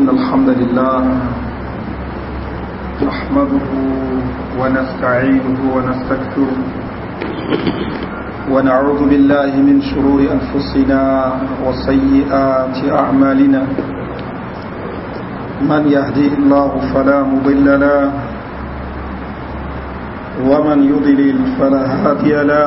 إن الحمد لله نحمده ونستعينه ونستكثره ونعوذ بالله من شرور أنفسنا وسيئات أعمالنا من يهدي الله فلا مضل له ومن يضلل فلا هادي له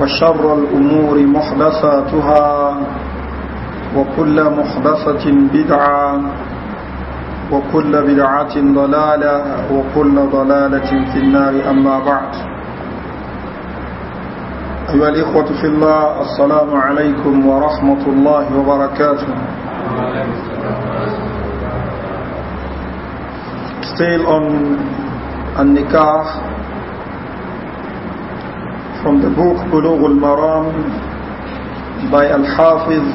وشر الأمور محدثاتها وكل محدثة بدعة وكل بدعة ضلالة وكل ضلالة في النار أما بعد أيها الإخوة في الله السلام عليكم ورحمة الله وبركاته Still on النكاح from the book Bulugh al-Maram by Al-Hafiz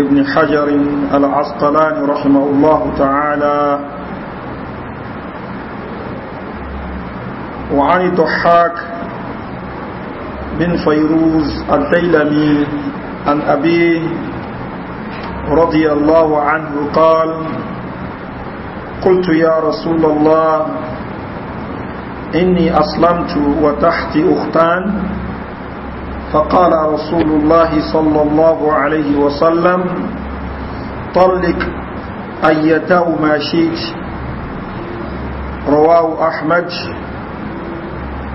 Ibn Hajar Al-Asqalani rahimahullah ta'ala وعن ضحاك بن فيروز الديلمي عن أبيه رضي الله عنه قال قلت يا رسول الله إني أسلمت وتحت أختان فقال رسول الله صلى الله عليه وسلم طلق أيتهما شئت رواه أحمد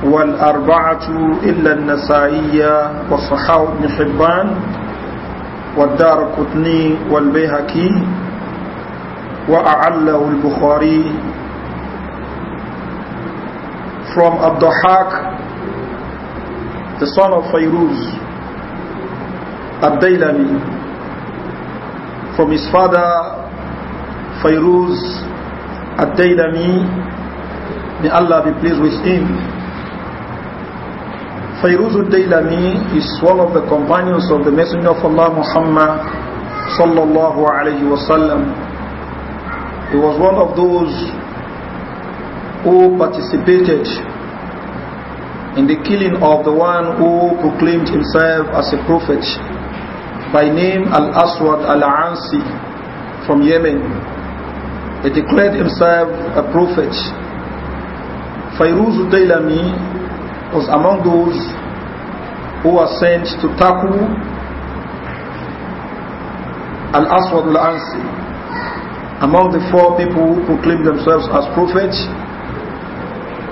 والأربعة إلا النسائية والصحاو بن حبان والدار قطني والبيهكي وأعله البخاري from Abdahak, the son of Fayruz, ad from his father Fayruz ad may Allah be pleased with him. Fayruz ad is one of the companions of the Messenger of Allah Muhammad sallallahu alayhi wa sallam. He was one of those who participated in the killing of the one who proclaimed himself as a prophet by name Al-Aswad Al-Ansi from Yemen. He declared himself a prophet. Fairuz Dailami was among those who were sent to tackle Al-Aswad Al-Ansi among the four people who proclaimed themselves as prophets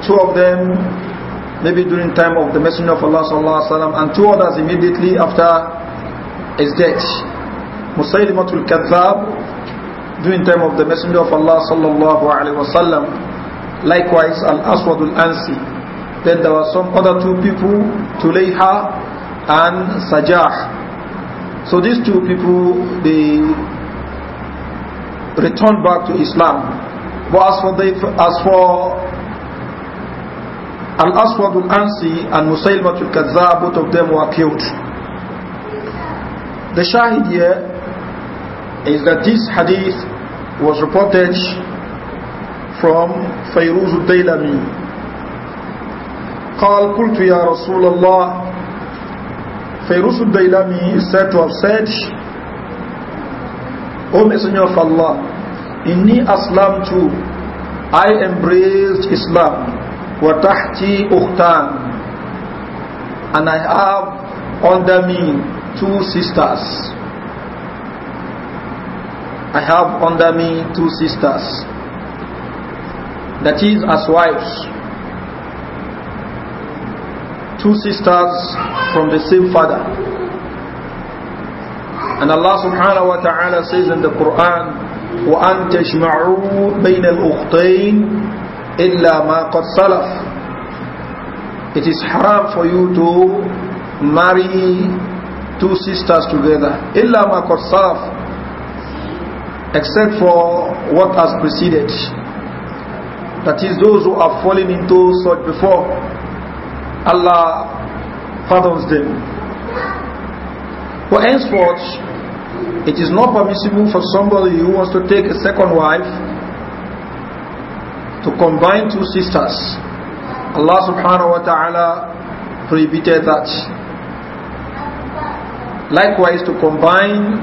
two of them maybe during time of the Messenger of Allah sallallahu alaihi wasallam, and two others immediately after his death. al Kadhab during time of the Messenger of Allah sallallahu alaihi wasallam. Likewise, Al Aswadul Ansi. Then there were some other two people, Tulayha and Sajah. So these two people they returned back to Islam. But as for the, as for Al-Aswad al-Ansi and Musaylimat al-Kadzab, both of them were killed. The shahid here is that this hadith was reported from Fayruz al-Daylami. قال قلت يا رسول الله فيروس الديلمي is said to have said O Messenger of Allah Inni Aslam too I embraced Islam وَتَحْتِي أُخْتَانِ And I have under me two sisters. I have under me two sisters. That is as wives. Two sisters from the same father. And Allah subhanahu wa ta'ala says in the Quran, وَأَن تَجْمَعُوا بَيْنَ الْأُخْتَيْنِ Illa ma قد salaf. It is haram for you to marry two sisters together. Illa ma قد salaf. Except for what has preceded. That is those who have fallen into such before. Allah pardons them. For henceforth, it is not permissible for somebody who wants to take a second wife to combine two sisters. Allah subhanahu wa ta'ala prohibited that. Likewise, to combine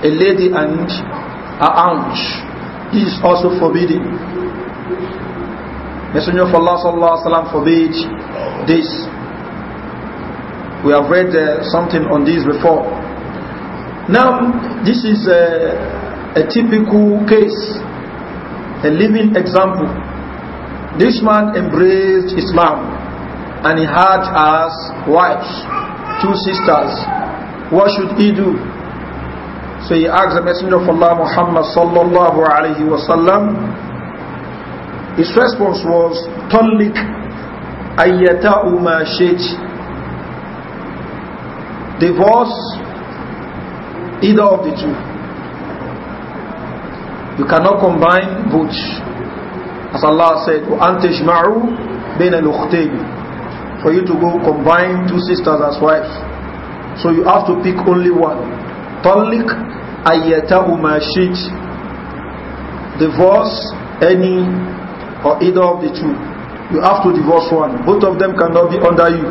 a lady and a aunt is also forbidden. Messenger of Allah sallallahu alaihi wasallam forbade this. We have read uh, something on this before. Now, this is uh, a typical case a living example. This man embraced Islam and he had as wives two sisters. What should he do? So he asked the Messenger of Allah Muhammad sallallahu alayhi wasallam. His response was, "Talik ayyata'u ma shayt." Divorce either of the two. You cannot combine both. As Allah said, وَأَنْتَجْمَعُوا بَيْنَ الْأُخْتَيْنِ For you to go combine two sisters as wives, So you have to pick only one. طَلِّقْ أَيَّتَهُمَا شِيْتِ Divorce any or either of the two. You have to divorce one. Both of them cannot be under you.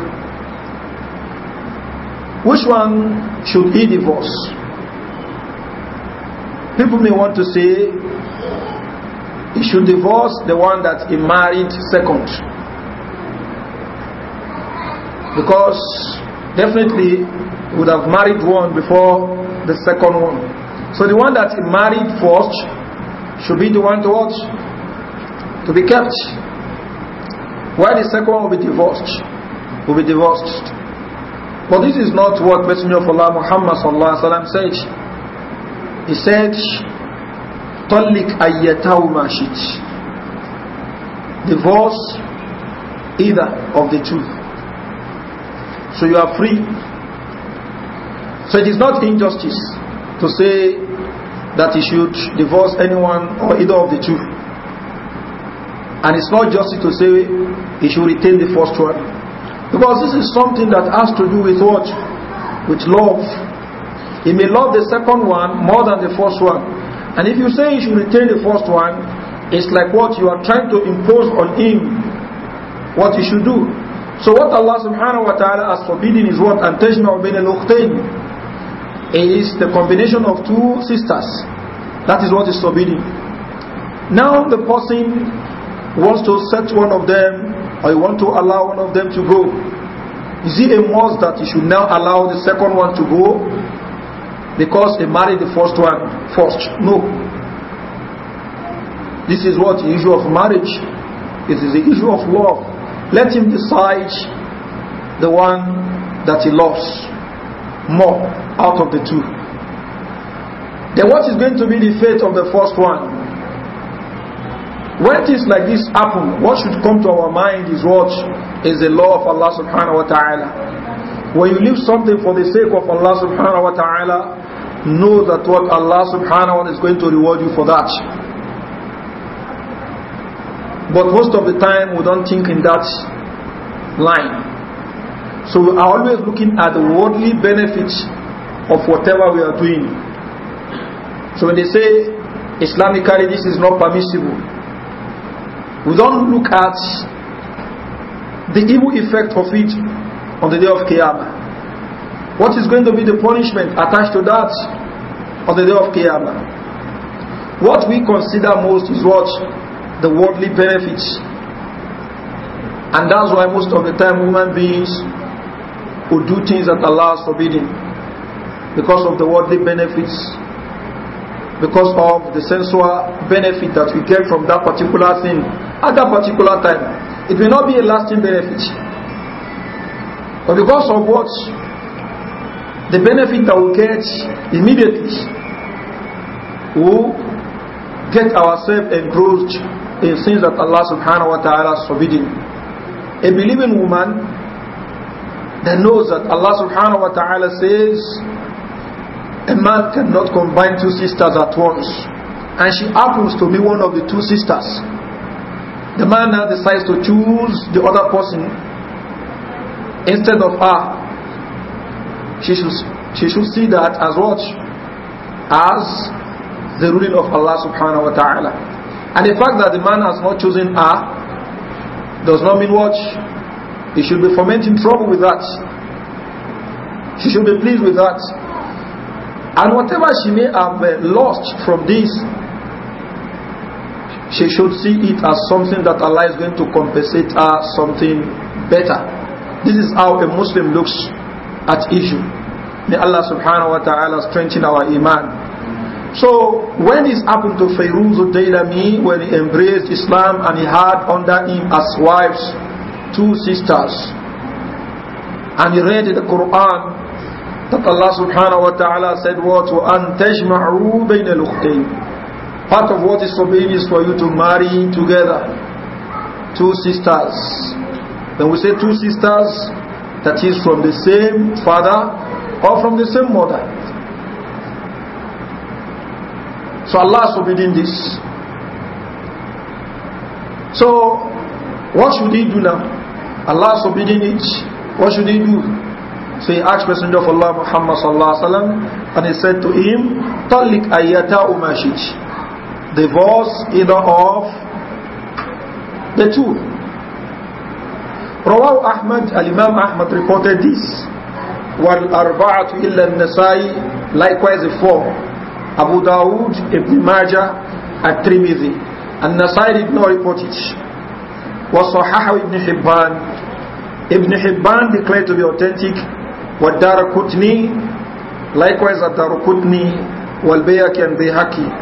Which one should he divorce? People may want to say he should divorce the one that he married second. Because definitely he would have married one before the second one. So the one that he married first should be the one to watch, to be kept. While the second one will be divorced, will be divorced. But this is not what Messenger of Allah Muhammad said. He said, "Tolik ayyatahu mashit. Divorce either of the two. So you are free. So it is not injustice to say that he should divorce anyone or either of the two. And it's not justice to say he should retain the first one. Because this is something that has to do with what? With love he may love the second one more than the first one. And if you say he should retain the first one, it's like what you are trying to impose on him what he should do. So what Allah subhanahu wa ta'ala has forbidden is what? أَن bin al-ukhtain. الْأُخْتَيْنِ is the combination of two sisters. That is what is forbidden. Now the person wants to set one of them or want to allow one of them to go. Is it a must that you should now allow the second one to go? because he married the first one first. No. This is what the issue of marriage. It is the issue of love. Let him decide the one that he loves more out of the two. Then what is going to be the fate of the first one? When things like this happen, what should come to our mind is what is the law of Allah subhanahu wa ta'ala. When you leave something for the sake of Allah subhanahu wa ta'ala, know that what Allah subhanahu wa ta'ala is going to reward you for that. But most of the time we don't think in that line. So we are always looking at the worldly benefits of whatever we are doing. So when they say Islamically this is not permissible, we don't look at the evil effect of it on the day of Qiyamah. What is going to be the punishment attached to that on the day of Qiyamah? What we consider most is what? The worldly benefits. And that's why most of the time human beings will do things that Allah has forbidden. Because of the worldly benefits. Because of the sensual benefit that we get from that particular thing at that particular time. It may not be a lasting benefit. But because of what the benefit that we get immediately will get ourselves engrossed in things that Allah subhanahu wa ta'ala has forbidden. A believing woman that knows that Allah subhanahu wa ta'ala says a man cannot combine two sisters at once and she happens to be one of the two sisters. The man now decides to choose the other person instead of her she should, she should see that as what? As the ruling of Allah subhanahu wa ta'ala. And the fact that the man has not chosen her does not mean what? He should be fomenting trouble with that. She should be pleased with that. And whatever she may have uh, lost from this, she should see it as something that Allah is going to compensate her something better. This is how a Muslim looks at issue. May Allah subhanahu wa ta'ala strengthen our iman. So when this happened to Fayruz al-Daylami, when he embraced Islam and he had under him as wives two sisters, and he read the Quran that Allah subhanahu wa ta'ala said what وَأَن تَجْمَعُوا بَيْنَ الْأُخْتَيْنِ Part of what is forbidden is for you to marry together two sisters. Then we say two sisters that is from the same father or from the same mother. So Allah has forbidden this. So what should he do now? Allah has forbidden it. What should he do? So he asked Messenger of Allah Muhammad sallallahu alaihi wasallam, and he said to him, "Talik ayata umashid." Divorce either of the two. رواه Ahmad, Al-Imam Ahmad reported this. والأربعة إلا illa nasai likewise the four. Abu Dawud, Ibn Majah, At-Tirmidhi. And Nasai did not report it. وصححه Ibn Hibban. Ibn Hibban declared to be authentic. والدار كتني likewise الدار كتني والبيهقي and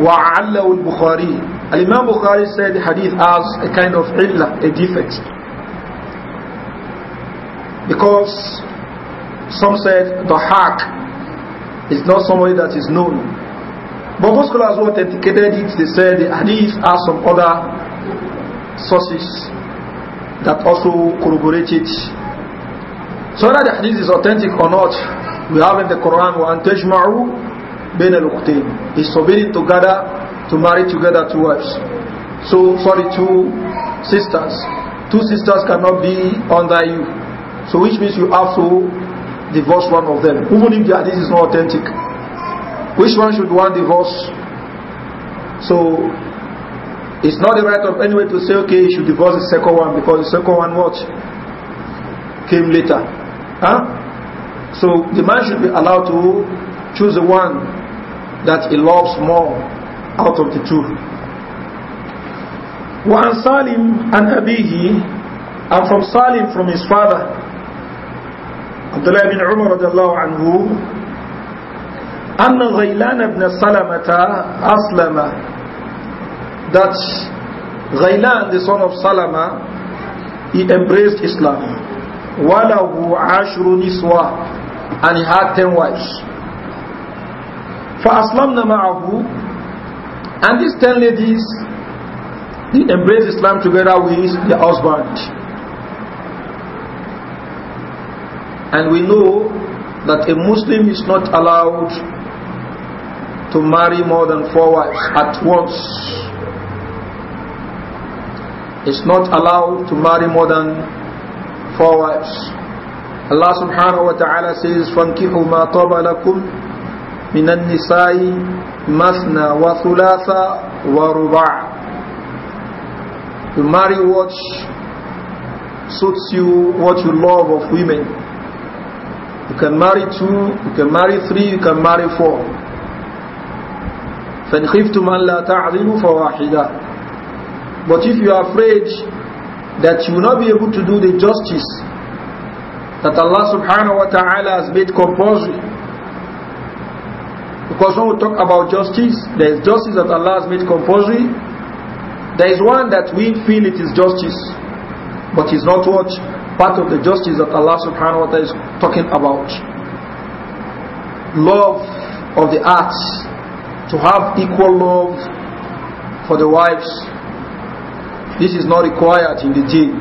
وعله البخاري Al-Imam Bukhari said the hadith as a kind of illah, a defect. Because some said the hack is not somebody that is known. But those scholars who authenticated it, they said the hadith are some other sources that also corroborate it. So whether the hadith is authentic or not, we have in the Quran, وَأَنْتَجْمَعُوا بَيْنَ الْوَقْتَيْنِ He's forbidden to gather, to marry together two wives. So, sorry, two sisters. Two sisters cannot be under you. So which means you have to divorce one of them, even if the hadith is not authentic. Which one should one divorce? So it's not the right of anyone to say, okay, you should divorce the second one because the second one what? Came later. Huh? So the man should be allowed to choose the one that he loves more out of the two. وعن سالم عن أبيه and from Salim from his father Abdullah bin Umar radiallahu anhu أن غيلان بن سلمة أسلم that Ghailan the son of Salama he embraced Islam وله عشر نسوة and he had ten wives فأسلمنا معه and these ten ladies they embraced Islam together with their husband And we know that a Muslim is not allowed to marry more than four wives at once. It's not allowed to marry more than four wives. Allah subhanahu wa ta'ala says, فَانْكِحُوا مَا طَبَ لَكُمْ مِنَ النِّسَاءِ مَثْنَا وَثُلَاثَ وَرُبَعَ You marry what suits you, what you love of women. You can marry two, you can marry three, you can marry four. فَإِنْ خِفْتُمْ أَنْ لَا تَعْذِلُوا فَوَاحِدًا But if you are afraid that you will not be able to do the justice that Allah subhanahu wa ta'ala has made compulsory. Because when we talk about justice, there is justice that Allah has made compulsory. There is one that we feel it is justice, but it's not what part of the justice that Allah subhanahu wa ta'ala is talking about. Love of the arts, to have equal love for the wives. This is not required in the deen.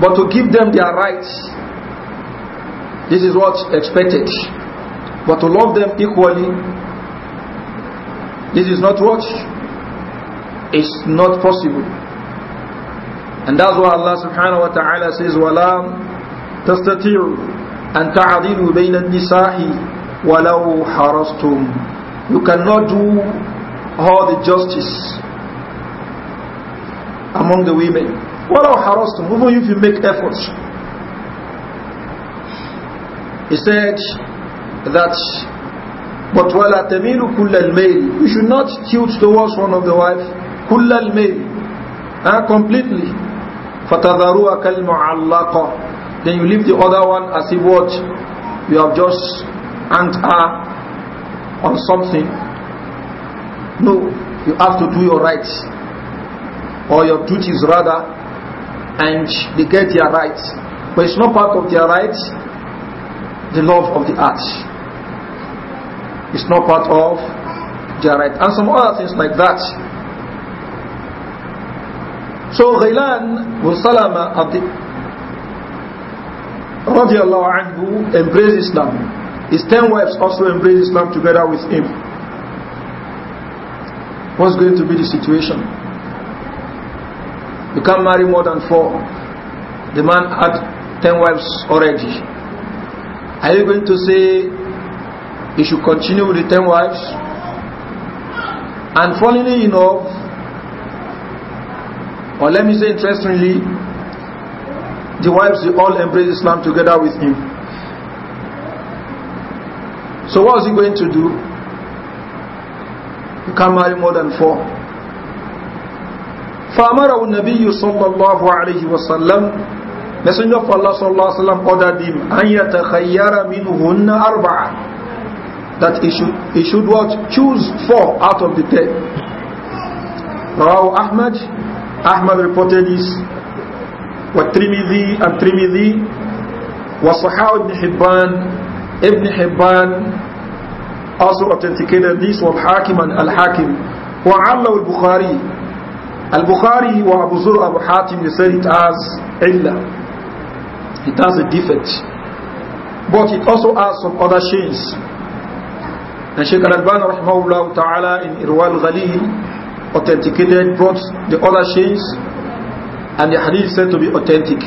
But to give them their rights, this is what's expected. But to love them equally, this is not what is not possible. And that's why Allah subhanahu wa ta'ala says, وَلَا تَسْتَطِيعُ أَن تَعَدِلُوا بَيْنَ النِّسَاءِ وَلَوْ حَرَصْتُمْ You cannot do all the justice among the women. وَلَوْ حَرَصْتُمْ Even if you make efforts. He said that but وَلَا تَمِيلُ كُلَّ الْمَيْلِ You should not tilt towards one of the wife كُلَّ الْمَيْلِ uh, completely فَتَذَرُوَا كَالْمُعَلَّقَ Then you leave the other one as if what? You have just and her on something. No, you have to do your rights. Or your duties rather. And they get their rights. But it's not part of their rights, the love of the art. It's not part of their right. And some other things like that. So Ghailan was Salama radiallahu anhu embraced Islam. His ten wives also embraced Islam together with him. What's going to be the situation? You can't marry more than four. The man had ten wives already. Are you going to say he should continue with the ten wives? And funnily enough, or let me say interestingly, the wives they all embrace Islam together with him. So what was he going to do? He can't marry more than four. فأمره النبي صلى الله عليه وسلم Messenger of Allah صلى الله عليه وسلم ordered him أن يتخير منهن أربعة that he should, he should what? Choose four out of the ten. Raw Ahmad Ahmad reported this and والترمذي الترمذي وصحاح ibn Hibban ibn Hibban also authenticated this Al-Hakim Al-Hakim and Allah al-Bukhari al-Bukhari البخاري Abu زر ابو Hatim they said it has illa it has a defect but it also has some other chains and Shaykh Al-Albani rahmahullah ta'ala in Irwal Ghalil authenticated, brought the other chains, and the hadith said to be authentic.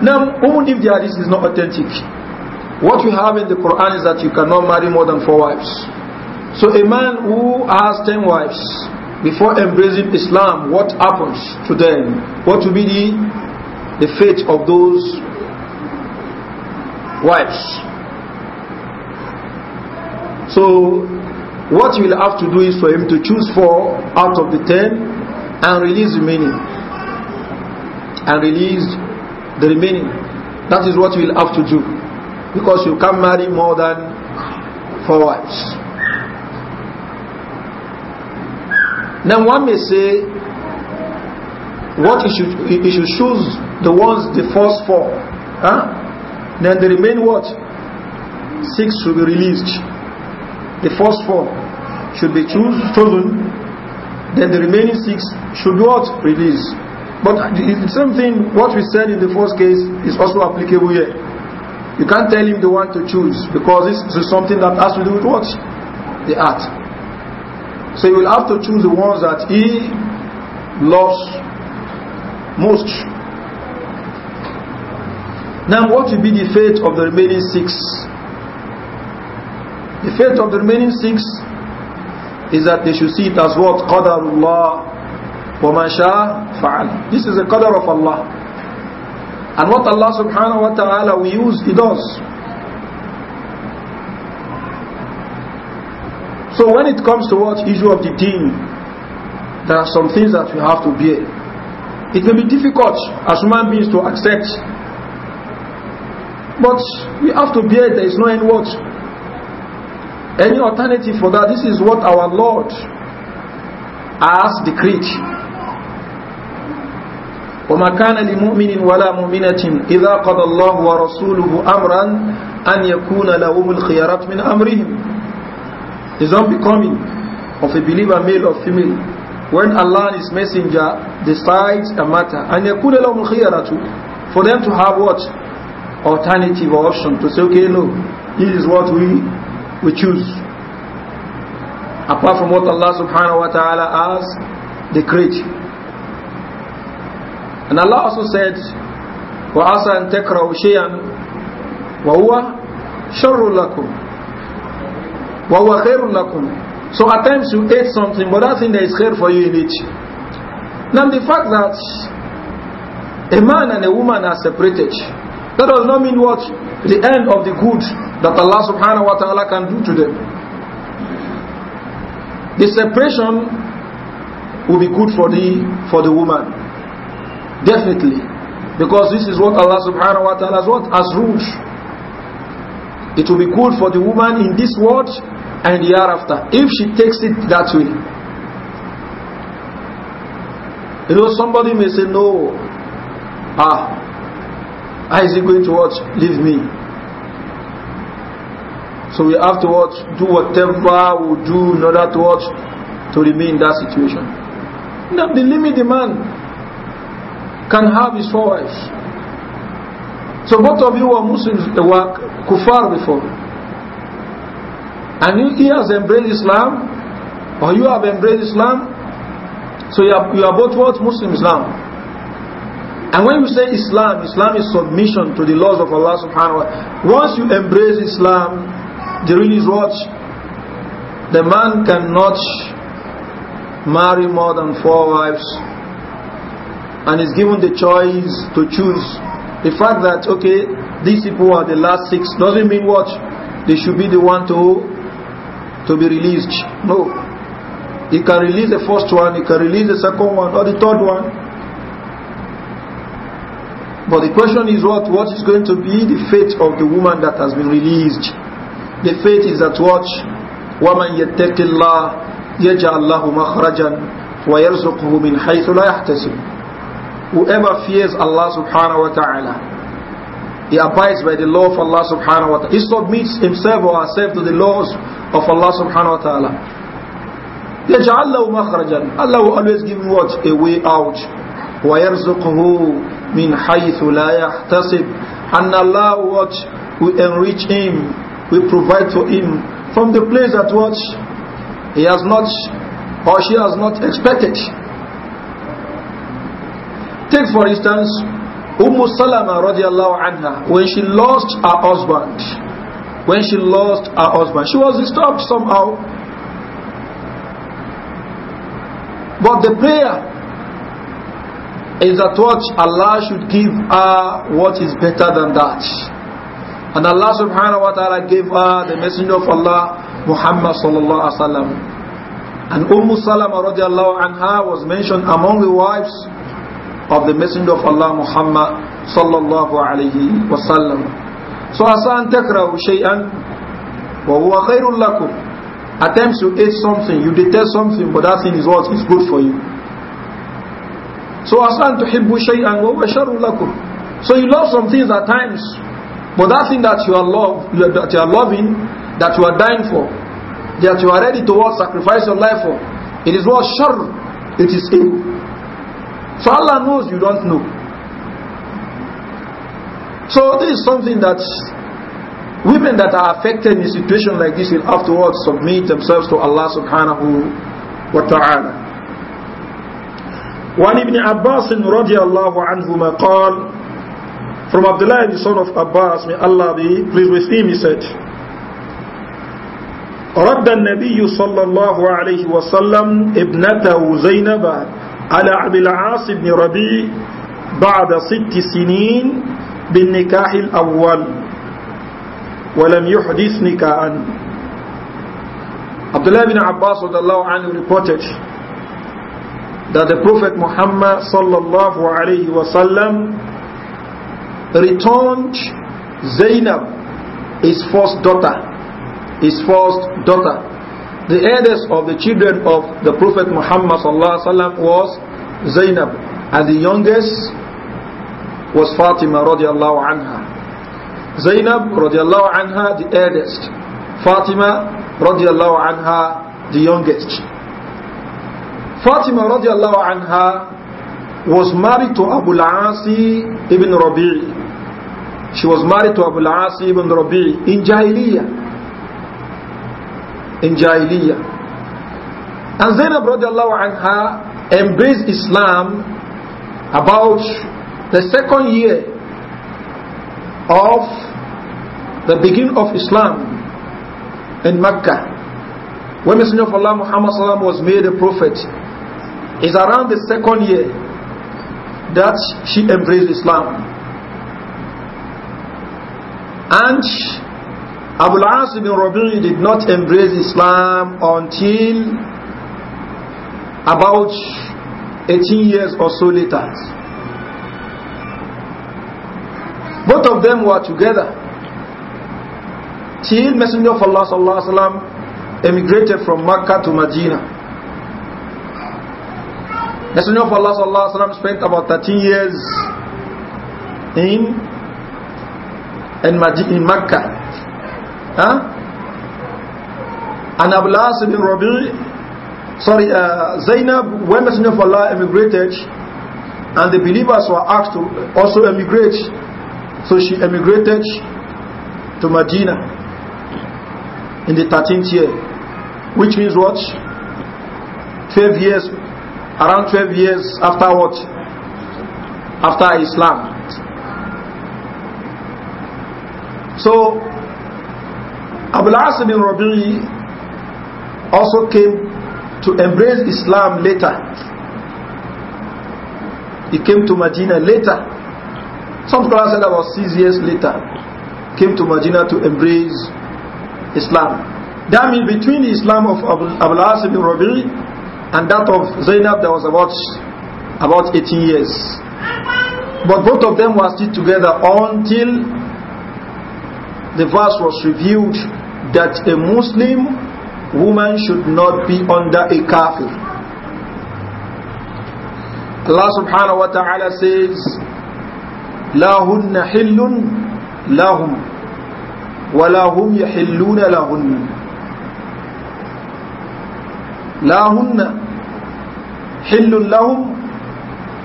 Now, even if the hadith is not authentic, what we have in the Quran is that you cannot marry more than four wives. So a man who has ten wives, before embracing Islam, what happens to them? What will be the, the fate of those wives? So what you will have to do is for him to choose four out of the ten and release the remaining. And release the remaining. That is what you will have to do. Because you can't marry more than four wives. Now one may say, what you should, you should choose the ones, the first four. Huh? Then the remaining what? Six should be released the first four should be choose, chosen, then the remaining six should be what? Released. But the same thing, what we said in the first case is also applicable here. You can't tell him the one to choose because this is something that has to do with what? The art. So you will have to choose the ones that he loves most. Now what will be the fate of the remaining six? The fate of the remaining six is that they should see it as what? Qadarullah wa masha fa'al. This is the qadar of Allah. And what Allah subhanahu wa ta'ala we use, He does. So when it comes to what issue of the deen, there are some things that we have to bear. It may be difficult as human beings to accept, but we have to bear. There is no end what any alternative for that? This is what our Lord has decreed. وما كان لمؤمن ولا مؤمنة إذا قضى الله ورسوله أمرا أن يكون لهم الخيارات من أمرهم It's not becoming of a believer male or female when Allah and His Messenger decides a matter and يكون لهم الخيارات for them to have what alternative or option to say okay no this is what we we choose. Apart from what Allah subhanahu wa ta'ala has decreed. And Allah also said, وَعَسَى أَن تَكْرَهُ شَيْئًا وَهُوَ شَرٌ لَكُمْ وَهُوَ خَيْرٌ لَكُمْ So at times you eat something, but that thing that is khair for you in it. Now the fact that a man and a woman are separated, that does not mean what? the end of the good that Allah subhanahu wa ta'ala can do to them. The separation will be good for the for the woman. Definitely. Because this is what Allah subhanahu wa ta'ala has what? As rules. It will be good for the woman in this world and the hereafter. If she takes it that way. You know, somebody may say, no. Ah, how is he going to watch? Leave me. So we have to watch. Do whatever we do in order to watch To remain in that situation. Now the limit the man can have his four wives. So both of you were Muslims, were kuffar before. And he has embraced Islam, or you have embraced Islam, so you are, you are both what? Muslims now. And when you say Islam, Islam is submission to the laws of Allah subhanahu wa ta'ala. Once you embrace Islam, the rule is what? The man cannot marry more than four wives and is given the choice to choose. The fact that, okay, these people are the last six doesn't mean what? They should be the one to, to be released. No. He can release the first one, he can release the second one or the third one. But the question is what? What is going to be the fate of the woman that has been released? The fate is that what? وَمَنْ يَتَّقِ اللَّهِ يَجْعَلْ لَهُ مَخْرَجًا وَيَرْزُقْهُ مِنْ حَيْثُ لَا يَحْتَسِبُ Whoever fears Allah subhanahu wa ta'ala, he abides by the law of Allah subhanahu wa ta'ala. He submits himself or herself to the laws of Allah subhanahu wa ta'ala. يَجْعَلْ لَهُ مَخْرَجًا Allah will always give him what? A way out. ويرزقه من حيث لا يحتسب and Allah what we enrich him we provide for him from the place that what he has not or she has not expected take for instance Ummu Salama radiallahu anha when she lost her husband when she lost her husband she was disturbed somehow but the prayer is that what Allah should give her what is better than that. And Allah subhanahu wa ta'ala gave her the messenger of Allah, Muhammad sallallahu alaihi wasallam. And Umm Salama radiallahu anha was mentioned among the wives of the messenger of Allah, Muhammad sallallahu alaihi wasallam. So asan takrahu shay'an wa huwa khairul lakum. Attempts to eat something, you detest something, but that thing is what is good for you. So as an tuhibbu shay'an wa sharru lakum. So you love some things at times, but that thing that you are love, that you are loving, that you are dying for, that you are ready to what sacrifice your life for, it is what sharr, it is evil. So Allah knows you don't know. So this is something that women that are affected in a situation like this will afterwards submit themselves to Allah subhanahu wa ta'ala. وعن ابن عباس رضي الله عنهما قال From Abdullah the son of Abbas, may Allah be pleased with him, he said, رد النبي صلى الله عليه وسلم ابنته زينب على عبد العاص بن ربيع بعد ست سنين بالنكاح الأول ولم يحدث نكاحا الله بن عباس رضي الله عنه reported that the Prophet Muhammad sallallahu alayhi wasallam returned Zainab, his first daughter, his first daughter. The eldest of the children of the Prophet Muhammad sallallahu alayhi wasallam was Zainab, and the youngest was Fatima radiallahu anha. Zainab radiallahu anha, the eldest. Fatima radiallahu anha, the youngest. Fatima radiallahu anha was married to Abu Asi ibn Rabi. She was married to Abu Asi ibn Rabi in Jahiliyyah. In Jahiliyyah. And Zainab radiallahu anha embraced Islam about the second year of the beginning of Islam in Mecca. When Messenger of Allah Muhammad was made a prophet, it's around the second year that she embraced Islam. And Abu As ibn Rabi'i did not embrace Islam until about 18 years or so later. Both of them were together till Messenger of Allah sallallahu alaihi wasallam emigrated from Mecca to Medina. Messenger of Allah sallallahu alaihi wasallam spent about 13 years in in, in Mecca. Huh? And Ablas bin Rabi, sorry, uh, Zainab, when Messenger of Allah emigrated, and the believers were asked to also emigrate, so she emigrated to Medina in the 13th year, which means what? 12 years around 12 years after what? After Islam. So, Abul As bin Rabi'i also came to embrace Islam later. He came to Medina later. Some scholars said about six years later, came to Medina to embrace Islam. That means between the Islam of Abul As bin Rabi'i and that of Zainab that was about about 18 years but both of them were still together until the verse was revealed that a Muslim woman should not be under a kafir Allah subhanahu wa ta'ala says لَهُنَّ حِلٌّ لَهُمْ وَلَا هُمْ يَحِلُّونَ لَهُنَّ لا هن حل لهم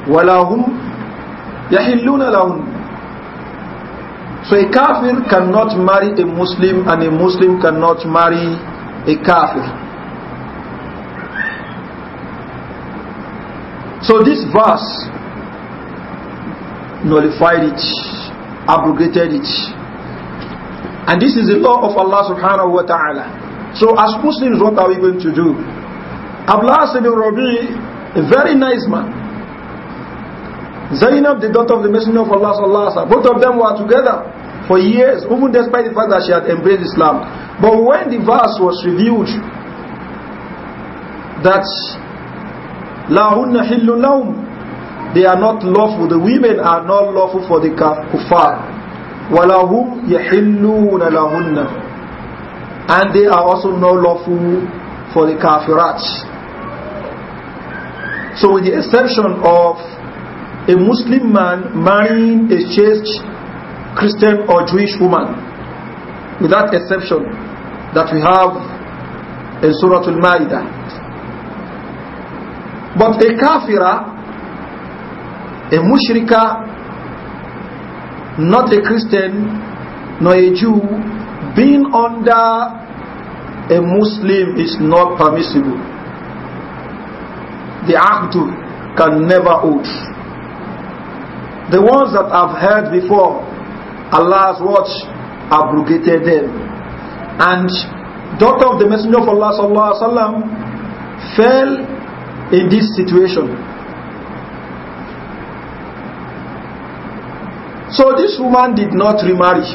ولا هم يحلون لهم So a kafir cannot marry a Muslim and a Muslim cannot marry a kafir. So this verse nullified it, abrogated it. And this is the law of Allah subhanahu wa ta'ala. So as Muslims what are we going to do? Ablas ibn Rabi, a very nice man. Zainab, the daughter of the Messenger of Allah both of them were together for years, even despite the fact that she had embraced Islam. But when the verse was revealed that la hunna hillu lahum, they are not lawful, the women are not lawful for the kuffar. وَلَهُمْ يَحِلُّونَ لَهُنَّ And they are also not lawful for the kafirat. So with the exception of a Muslim man marrying a Church, Christian or Jewish woman, with that exception that we have in Surah Al-Ma'idah. But a kafira, a mushrika, not a Christian, nor a Jew, being under a Muslim is not permissible the Ahdu can never hold. The ones that I've heard before, Allah's watch abrogated them. And daughter of the Messenger of Allah sallallahu alaihi wasallam fell in this situation. So this woman did not remarry.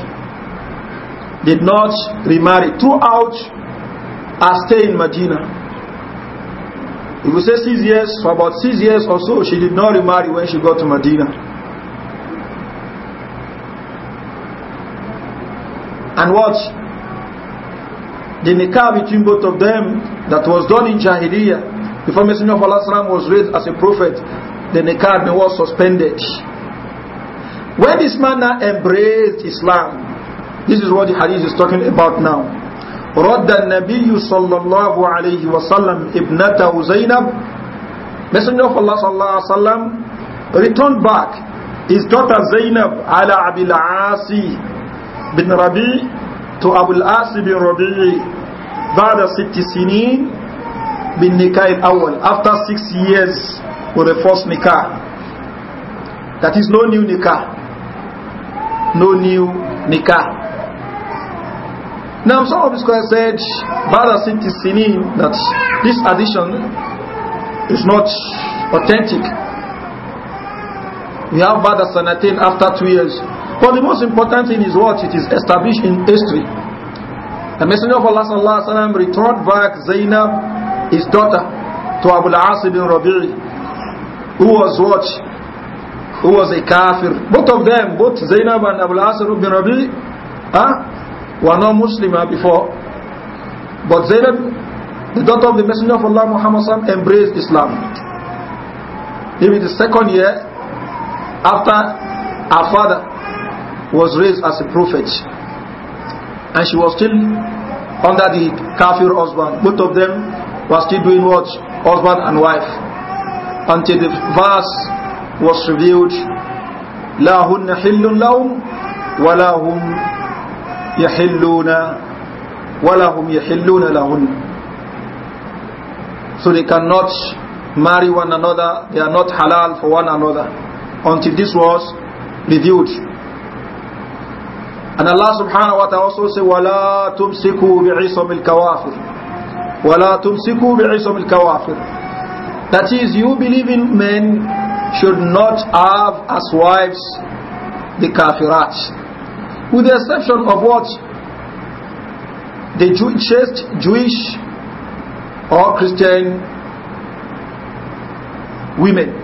Did not remarry throughout her stay in Medina. If you say six years, for about six years or so, she did not remarry when she got to Medina. And what? The nikah between both of them that was done in Jahiliyyah, before Messenger of Allah was raised as a prophet, the nikah was suspended. When this man now embraced Islam, this is what the hadith is talking about now. رد النبي صلى الله عليه وسلم ابنته زينب. Messenger of Allah صلى الله عليه وسلم returned back his daughter زينب على Abil Asi بن Rabi to Abul Asi bin Rabi بعد ست سنين بالنكاح الأول after six years with the first nikah that is no new nikah no new nikah Now, some of the scholars said, Bada Sinti Sinin, that this addition is not authentic. We have Bada Sanatin after two years. But the most important thing is what? It is established in history. The Messenger of Allah sallallahu alayhi wa sallam returned back Zainab, his daughter, to Abu al-As ibn Rabi'i, who was what? Who was a kafir. Both of them, both Zainab and Abu al-As ibn Rabi'i, huh? were not Muslimah uh, before. But Zainab, the daughter of the Messenger of Allah Muhammad embraced Islam. Maybe the second year after her father was raised as a prophet. And she was still under the kafir husband. Both of them were still doing what? Husband and wife. Until the verse was revealed, "La حِلٌّ لَهُمْ وَلَا هُمْ يحلون وَلَهُمْ يَحِلُّونَ لَهُنَّ So they cannot marry one another, they are not halal for one another until this was reviewed. And Allah subhanahu wa ta'ala also said, وَلَا تُمْسِكُوا بِعِصَمِ الْكَوَافِرِ وَلَا تُمْسِكُوا بِعِصَمِ الْكَوَافِرِ That is, you believing men should not have as wives the kafirat with the exception of what the Jew chaste Jewish or Christian women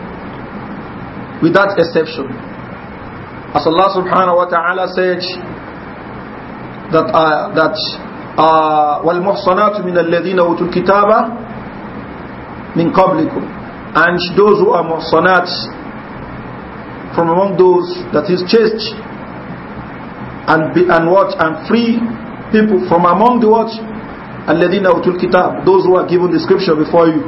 with that exception as Allah subhanahu wa ta'ala said that uh, that uh, وَالْمُحْصَنَاتُ مِنَ الَّذِينَ أُوتُوا الْكِتَابَ مِنْ قَبْلِكُمْ and those who are muhsanat from among those that is chaste and be, and watch and free people from among the watch الَّذِينَ أُوتُوا kitab those who are given the scripture before you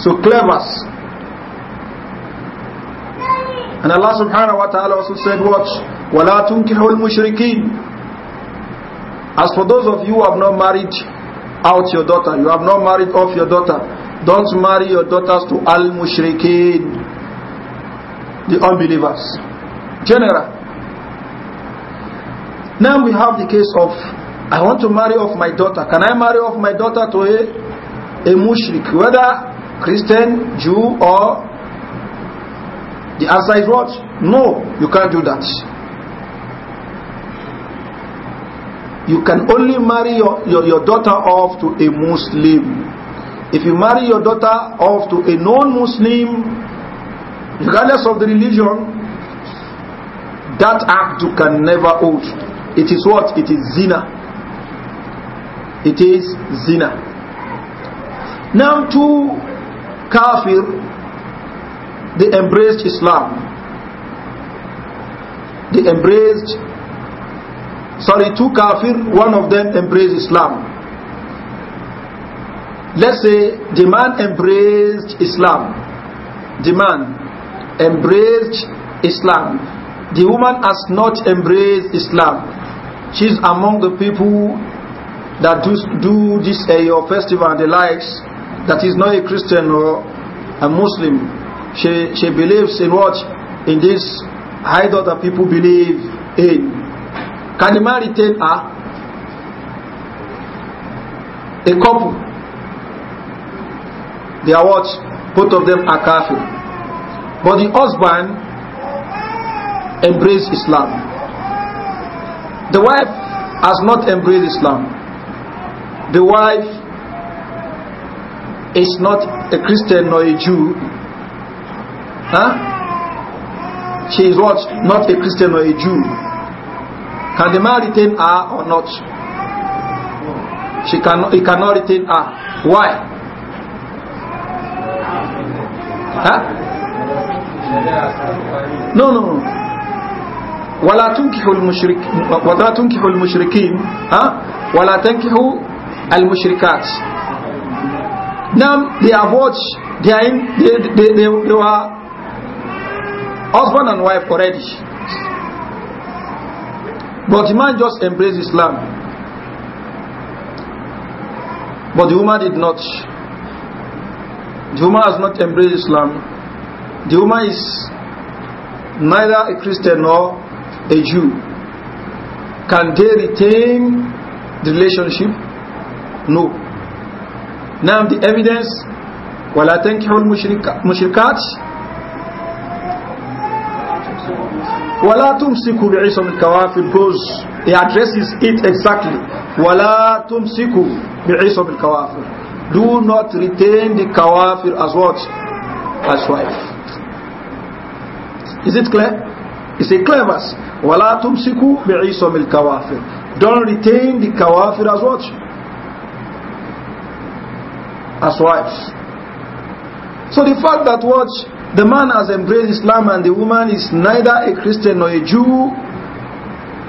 so clever. and Allah subhanahu wa ta'ala also said watch وَلَا تُنْكِحُوا الْمُشْرِكِينَ as for those of you who have not married out your daughter you have not married off your daughter don't marry your daughters to al-mushrikeen the unbelievers general now we have the case of, I want to marry off my daughter. Can I marry off my daughter to a, a mushrik, whether Christian, Jew or the answer is what? No, you can't do that. You can only marry your, your, your daughter off to a Muslim. If you marry your daughter off to a non-Muslim, regardless of the religion, that act you can never hold. It is what? It is zina. It is zina. Now to kafir, they embraced Islam. They embraced, sorry, two kafir, one of them embraced Islam. Let's say the man embraced Islam. The man embraced Islam. The woman has not embraced Islam she's among the people that do, do this Eyo eh, festival and the likes, that is not a Christian or a Muslim. She, she believes in what? In this idol that people believe in. Can the man retain her? A couple. They are what? Both of them are kafir. But the husband embraced Islam. The wife has not embraced Islam. The wife is not a Christian nor a Jew. Huh? She is what? Not a Christian or a Jew. Can the man retain her or not? She cannot, he cannot retain her. Why? Huh? No, no, no. ولا تنكحوا المشرك ولا تنكحوا المشركين ها ولا تنكحوا المشركات Now they have watched they are in, they, they, they, they were husband and wife already but the man just embraced Islam but the woman did not the woman has not embraced Islam the woman is neither a Christian nor a Jew, can they retain the relationship? No. Now the evidence, وَلَا تَنْكِحُ الْمُشْرِكَاتِ وَلَا تُمْسِكُوا بِعِصَمِ الْكَوَافِرِ because he addresses it exactly. وَلَا تُمْسِكُوا بِعِصَمِ الْكَوَافِرِ Do not retain the kawafir as what? As wife. Is it clear? It's a clear verse. وَلَا تُمْسِكُوا بِعِيسَمِ الْكَوَافِرِ Don't retain the kawafir as what? As wives. So the fact that what the man has embraced Islam and the woman is neither a Christian nor a Jew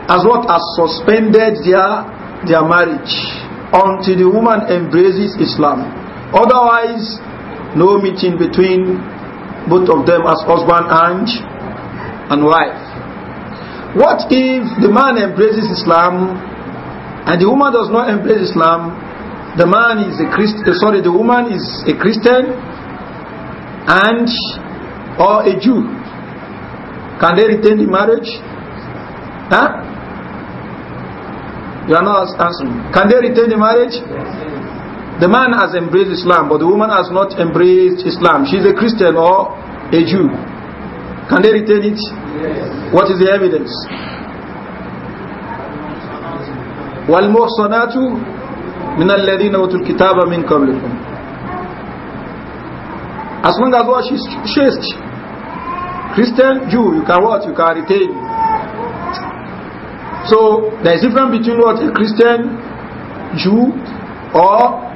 as what has suspended their their marriage until the woman embraces Islam. Otherwise, no meeting between both of them as husband and and wife. What if the man embraces Islam and the woman does not embrace Islam? The man is a Christ, uh, sorry, the woman is a Christian and or a Jew. Can they retain the marriage? Huh? You are not answering. Can they retain the marriage? The man has embraced Islam, but the woman has not embraced Islam. She is a Christian or a Jew. Can they retain it? What is the evidence? والمحصنات من الذين أوتوا الكتاب من قبلكم As long as what she's chaste Christian, Jew, you can what? You can retain So there is difference between what a Christian, Jew or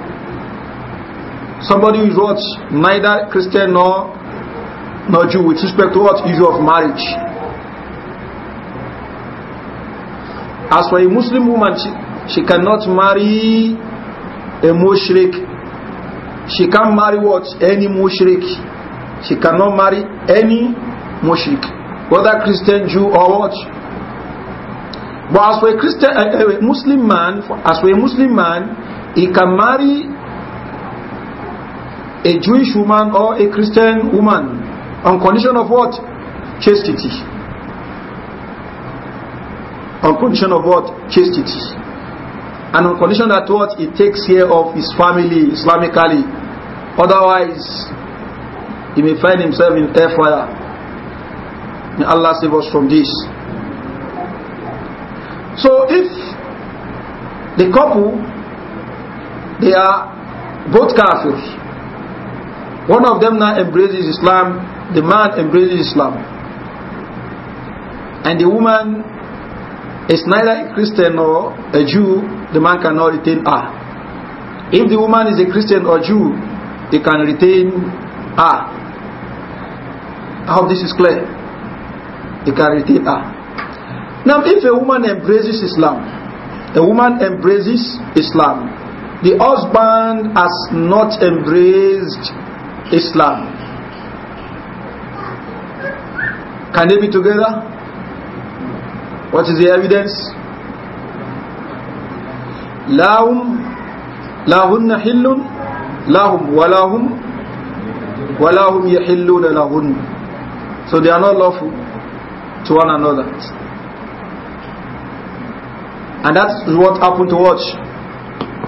somebody who is what? Neither Christian nor not Jew with respect to what issue of marriage as for a Muslim woman she, she cannot marry a mushrik she can't marry what any mushrik she cannot marry any mushrik whether Christian Jew or what but as for a Christian a, eh, eh, a Muslim man as for a Muslim man he can marry a Jewish woman or a Christian woman On condition of what? Chastity. On condition of what? Chastity. And on condition that what? He takes care of his family Islamically. Otherwise, he may find himself in fire. May Allah save us from this. So if the couple, they are both kafirs, one of them now embraces Islam the man embraces Islam and the woman is neither a Christian nor a Jew, the man cannot retain her. If the woman is a Christian or Jew, they can retain her. I hope this is clear. They can retain her. Now, if a woman embraces Islam, a woman embraces Islam, the husband has not embraced Islam. Can they be together? What is the evidence? لهم لهن حل لهم laum هم ولا هم يحلون لهن So they are not lawful to one another. And that's what happened to watch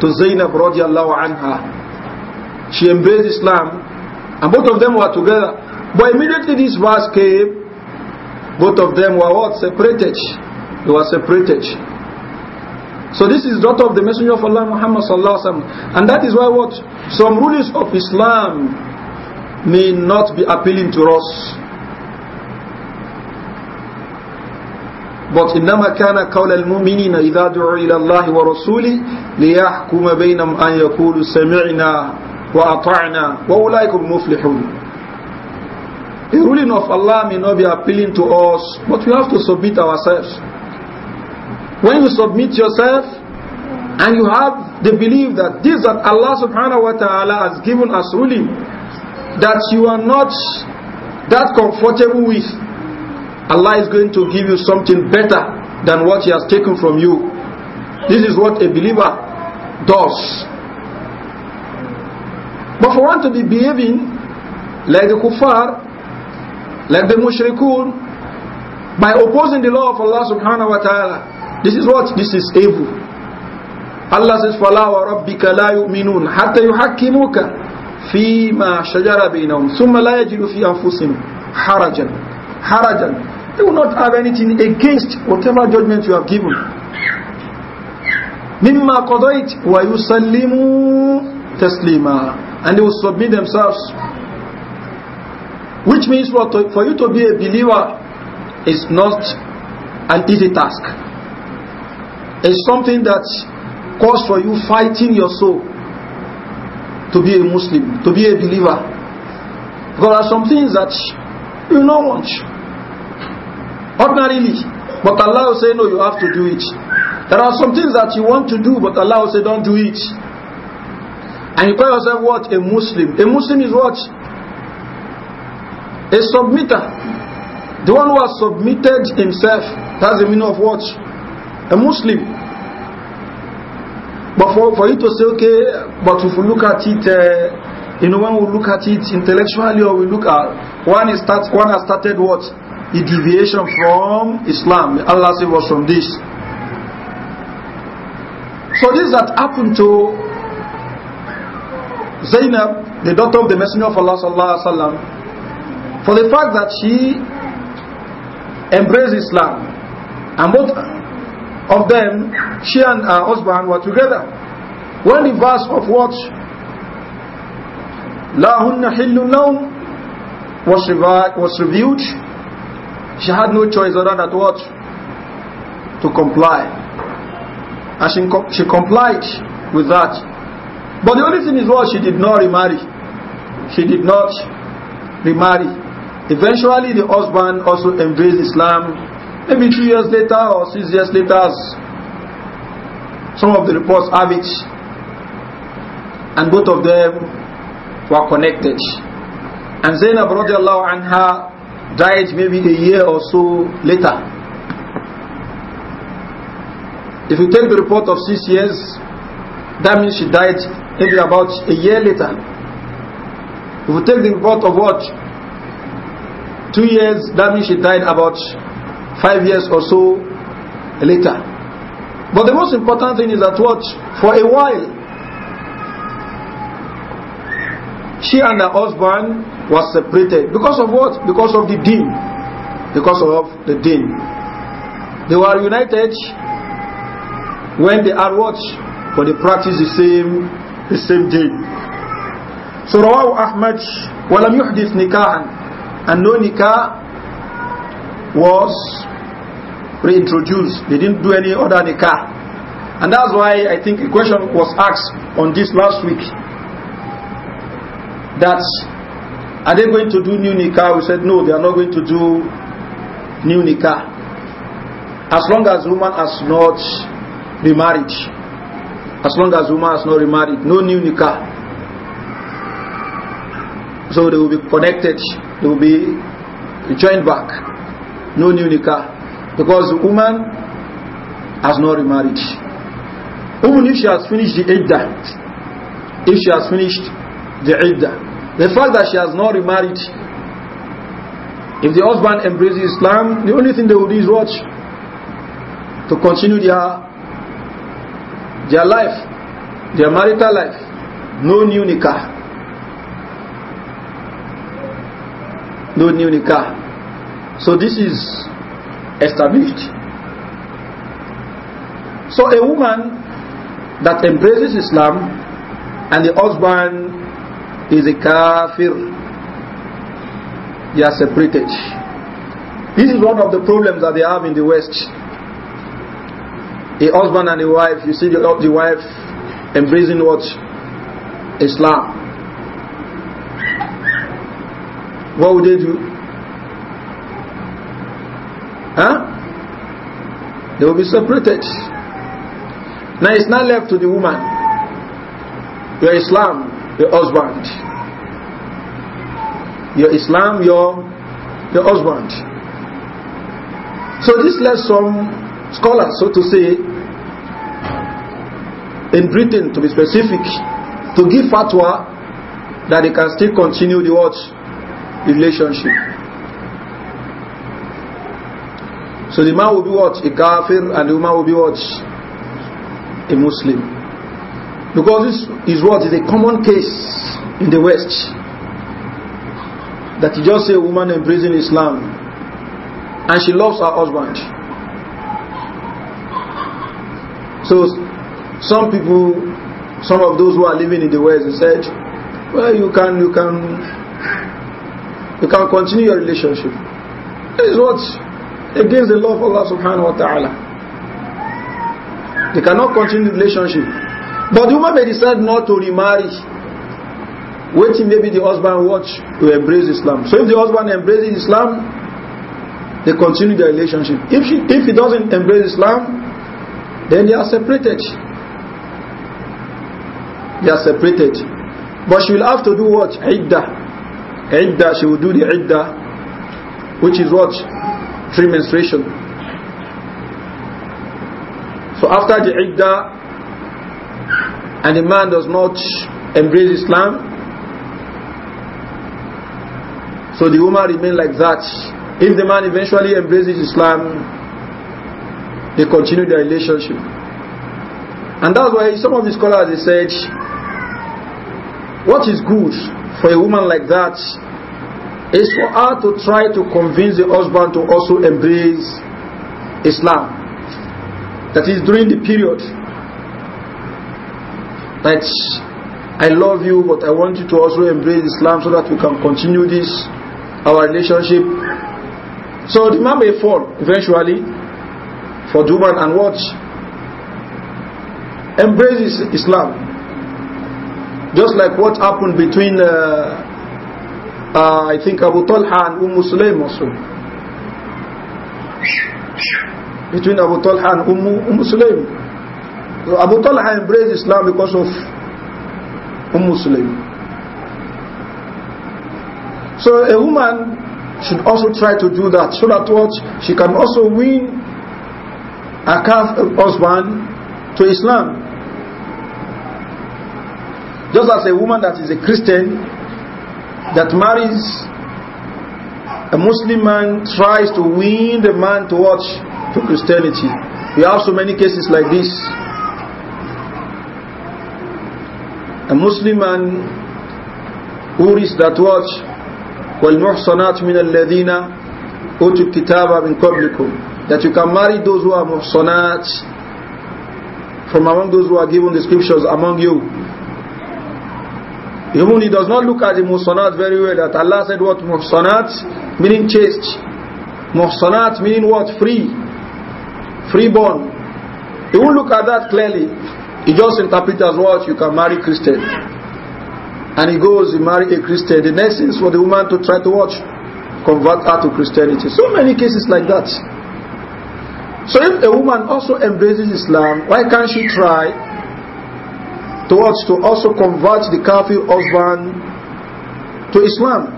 to Zainab radiallahu anha. She embraced Islam and both of them were together. But immediately this verse came both of them were what? Separated. They were separated. So this is daughter of the Messenger of Allah Muhammad sallallahu alaihi wasallam, and that is why what some rulers of Islam may not be appealing to us. But إنما كان قول المؤمنين إذا دعوا إلى الله ورسوله ليحكم بينهم أن يقولوا سمعنا وأطعنا وأولئك المفلحون the ruling of Allah may not be appealing to us, but we have to submit ourselves. When you submit yourself, and you have the belief that this that Allah subhanahu wa ta'ala has given us ruling, that you are not that comfortable with, Allah is going to give you something better than what He has taken from you. This is what a believer does. But for one to be behaving like the kuffar, like the mushrikun, by opposing the law of Allah subhanahu wa ta'ala. This is what? This is evil. Allah says, فَلَا وَرَبِّكَ لَا يُؤْمِنُونَ حَتَّى يُحَكِّمُكَ فِي مَا شَجَرَ بَيْنَهُمْ ثُمَّ لَا يَجِدُ فِي أَنفُسِهِمْ حَرَجًا حَرَجًا They will not have anything against whatever judgment you have given. مِمَّا قَضَيْتْ وَيُسَلِّمُوا تَسْلِيمًا And they will submit themselves which means for, for you to be a believer is not an easy task. It's something that calls for you fighting your soul to be a Muslim, to be a believer. There are some things that you don't want ordinarily, but Allah will say, No, you have to do it. There are some things that you want to do, but Allah will say, Don't do it. And you call yourself what? A Muslim. A Muslim is what? a submitter. The one who has submitted himself, that's the meaning of what? A Muslim. But for, for you to say, okay, but if we look at it, uh, you know, when we look at it intellectually or we look at, one, is start, one has started what? A deviation from Islam. Allah save was from this. So this that happened to Zainab, the daughter of the Messenger of Allah sallallahu alaihi wasallam, for the fact that she embraced Islam and both of them she and her husband were together when the verse of what La hunna hillu lahum was reviewed she had no choice other than what to comply and she, she complied with that but the only thing is what she did not remarry she did not remarry Eventually, the husband also embraced Islam, maybe two years later or six years later. Some of the reports have it, and both of them were connected. And Zainab radiallahu anha died maybe a year or so later. If you take the report of six years, that means she died maybe about a year later. If you take the report of what? two years, that means she died about five years or so later. But the most important thing is that what, for a while, she and her husband was separated. Because of what? Because of the deen. Because of the deen. They were united when they are what? But they practice the same, the same deen. So رواه أحمد ولم يحدث نكاحا and no nikah was reintroduced. They didn't do any other nikah. And that's why I think a question was asked on this last week. That are they going to do new nikah? We said no, they are not going to do new nikah. As long as woman has not remarried. As long as woman has not remarried, no new nikah. So they will be connected they will be joined back. No new nikah. Because the woman has not remarried. Even if she has finished the idda, if she has finished the idda, the fact that she has not remarried, if the husband embraces Islam, the only thing they will do is watch to continue their their life, their marital life. No new nikah. no new nikah. So this is established. So a woman that embraces Islam and the husband is a kafir, they are separated. This is one of the problems that they have in the West. A husband and a wife, you see the, the wife embracing what? Islam. what would they do? Huh? They will be separated. Now it's not left to the woman, your Islam, your husband. Your Islam, your, your husband. So this led some scholars, so to say, in Britain to be specific, to give fatwa that they can still continue the watch relationship. So the man will be what? A kafir and the woman will be what? A Muslim. Because this is what is a common case in the West. That you just say a woman embracing Islam and she loves her husband. So some people, some of those who are living in the West, said, well, you can, you can you can continue your relationship. This is what against the law of Allah subhanahu wa ta'ala. They cannot continue the relationship. But the woman may decide not to remarry. Waiting maybe the husband watch to embrace Islam. So if the husband embraces Islam, they continue their relationship. If she, if he doesn't embrace Islam, then they are separated. They are separated. But she will have to do what? Iddah idda, she will do the idda, which is what? Three menstruation. So after the idda, and the man does not embrace Islam, so the woman remain like that. If the man eventually embraces Islam, they continue their relationship. And that's why some of the scholars they said, what is good for a woman like that is for her to try to convince the husband to also embrace Islam. That is during the period that I love you, but I want you to also embrace Islam so that we can continue this, our relationship. So the man may fall eventually for the woman and watch embrace Islam. Just like what happened between, uh, uh, I think, Abu Talha and Umm Sulaim also. Between Abu Talha and Umm, Umm Sulaim. So Abu Talha embraced Islam because of Umm Sulaim. So a woman should also try to do that so that what she can also win a calf husband to Islam. Just as a woman that is a Christian that marries a Muslim man tries to win the man to watch to Christianity. We have so many cases like this. A Muslim man who reads that watch والمحصنات من الذين أوتوا الكتاب من قبلكم that you can marry those who are muhsanat from among those who are given the scriptures among you even he does not look at the muhsanat very well that Allah said what muhsanat meaning chaste. Muhsanat meaning what? Free. Freeborn. He won't look at that clearly. He just interprets as what you can marry Christian. And he goes, he marry a Christian. The next is for the woman to try to watch, convert her to Christianity. So many cases like that. So if a woman also embraces Islam, why can't she try towards to also convert the kafir husband to Islam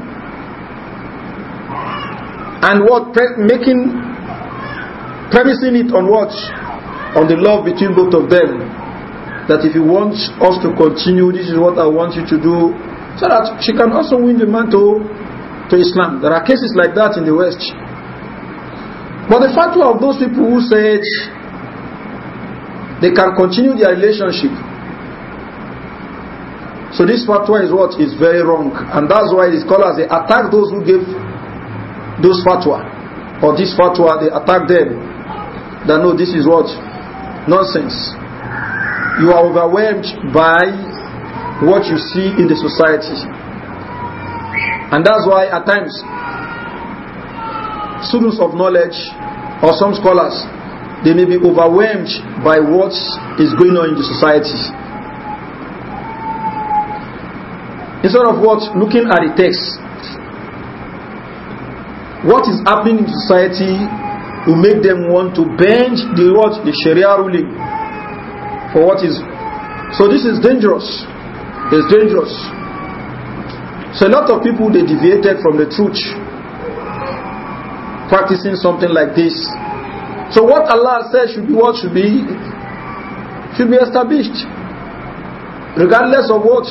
and what making premising it on what on the love between both of them that if you want us to continue this is what I want you to do so that she can also win the man to, to Islam there are cases like that in the West but the fact of those people who said they can continue their relationship so this fatwa is what is very wrong. And that's why the scholars, they attack those who give those fatwa. Or this fatwa, they attack them. That no, this is what? Nonsense. You are overwhelmed by what you see in the society. And that's why at times, students of knowledge or some scholars, they may be overwhelmed by what is going on in the society Instead of what? Looking at the text. What is happening in society will make them want to bend the what? The Sharia ruling for what is. So this is dangerous. It's dangerous. So a lot of people they deviated from the truth practicing something like this. So what Allah says should be what should be should be established regardless of what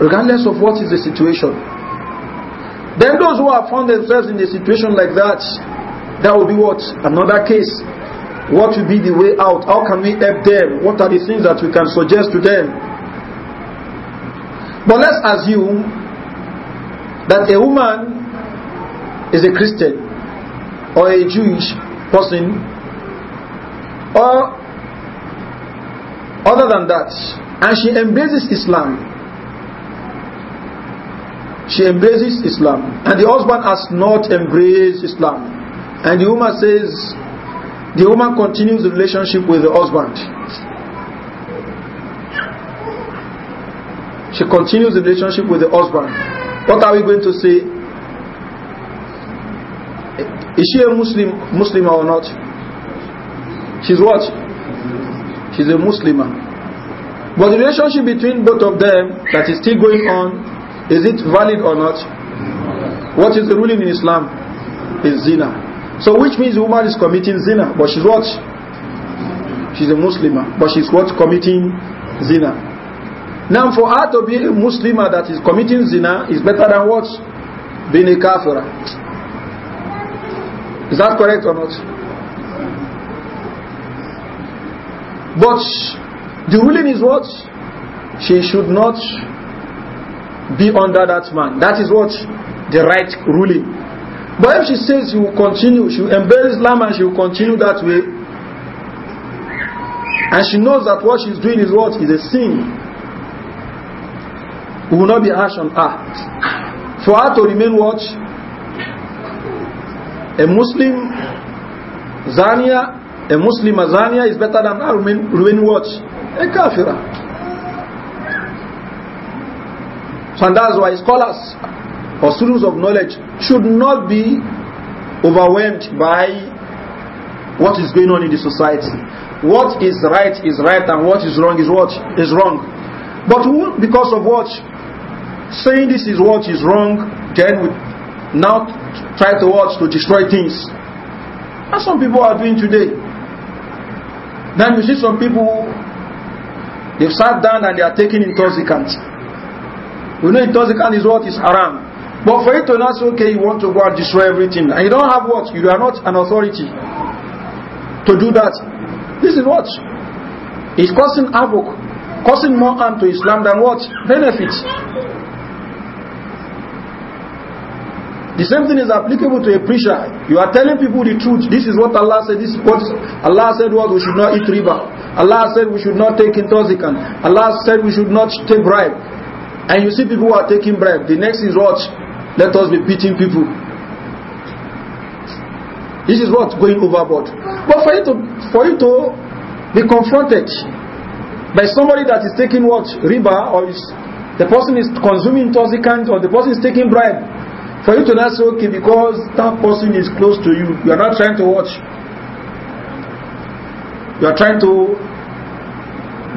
regardless of what is the situation. Then those who have found themselves in a situation like that, that will be what? Another case. What will be the way out? How can we help them? What are the things that we can suggest to them? But let's assume that a woman is a Christian or a Jewish person or other than that and she embraces Islam she embraces Islam and the husband has not embraced Islam and the woman says the woman continues the relationship with the husband she continues the relationship with the husband what are we going to say is she a Muslim Muslim or not she's what she's a Muslim but the relationship between both of them that is still going on is it valid or not? What is the ruling in Islam? Is zina. So which means woman is committing zina, but she's what? She's a Muslimah, but she's what? Committing zina. Now for her to be a Muslimah that is committing zina is better than what? Being a kafirah. Is that correct or not? But the ruling is what? She should not be under that man. That is what the right ruling. But if she says she will continue, she will embrace Islam and she will continue that way, and she knows that what she is doing is what is a sin, we will not be harsh on her. For her to remain what? A Muslim Zania, a Muslim Zania is better than her remain, remain what? A kafirah. So and that's why scholars or students of knowledge should not be overwhelmed by what is going on in the society. What is right is right and what is wrong is what is wrong. But because of what saying this is what is wrong, then we now try to watch to destroy things. That's some people are doing today. Then you see some people they've sat down and they are taking intoxicants. We know intoxicant is what is haram. But for it to not say, okay, you want to go and destroy everything. And you don't have what? You are not an authority to do that. This is what? It's causing havoc, causing more harm to Islam than what? Benefits. The same thing is applicable to a preacher. You are telling people the truth. This is what Allah said. This is what Allah said what we should not eat riba. Allah said we should not take intoxicant. Allah said we should not take bribe. And you see people who are taking bribe. The next is what? Let us be beating people. This is what going overboard. But for you to for you to be confronted by somebody that is taking what riba or is, the person is consuming toxicant or the person is taking bribe, for you to not say okay because that person is close to you, you are not trying to watch. You are trying to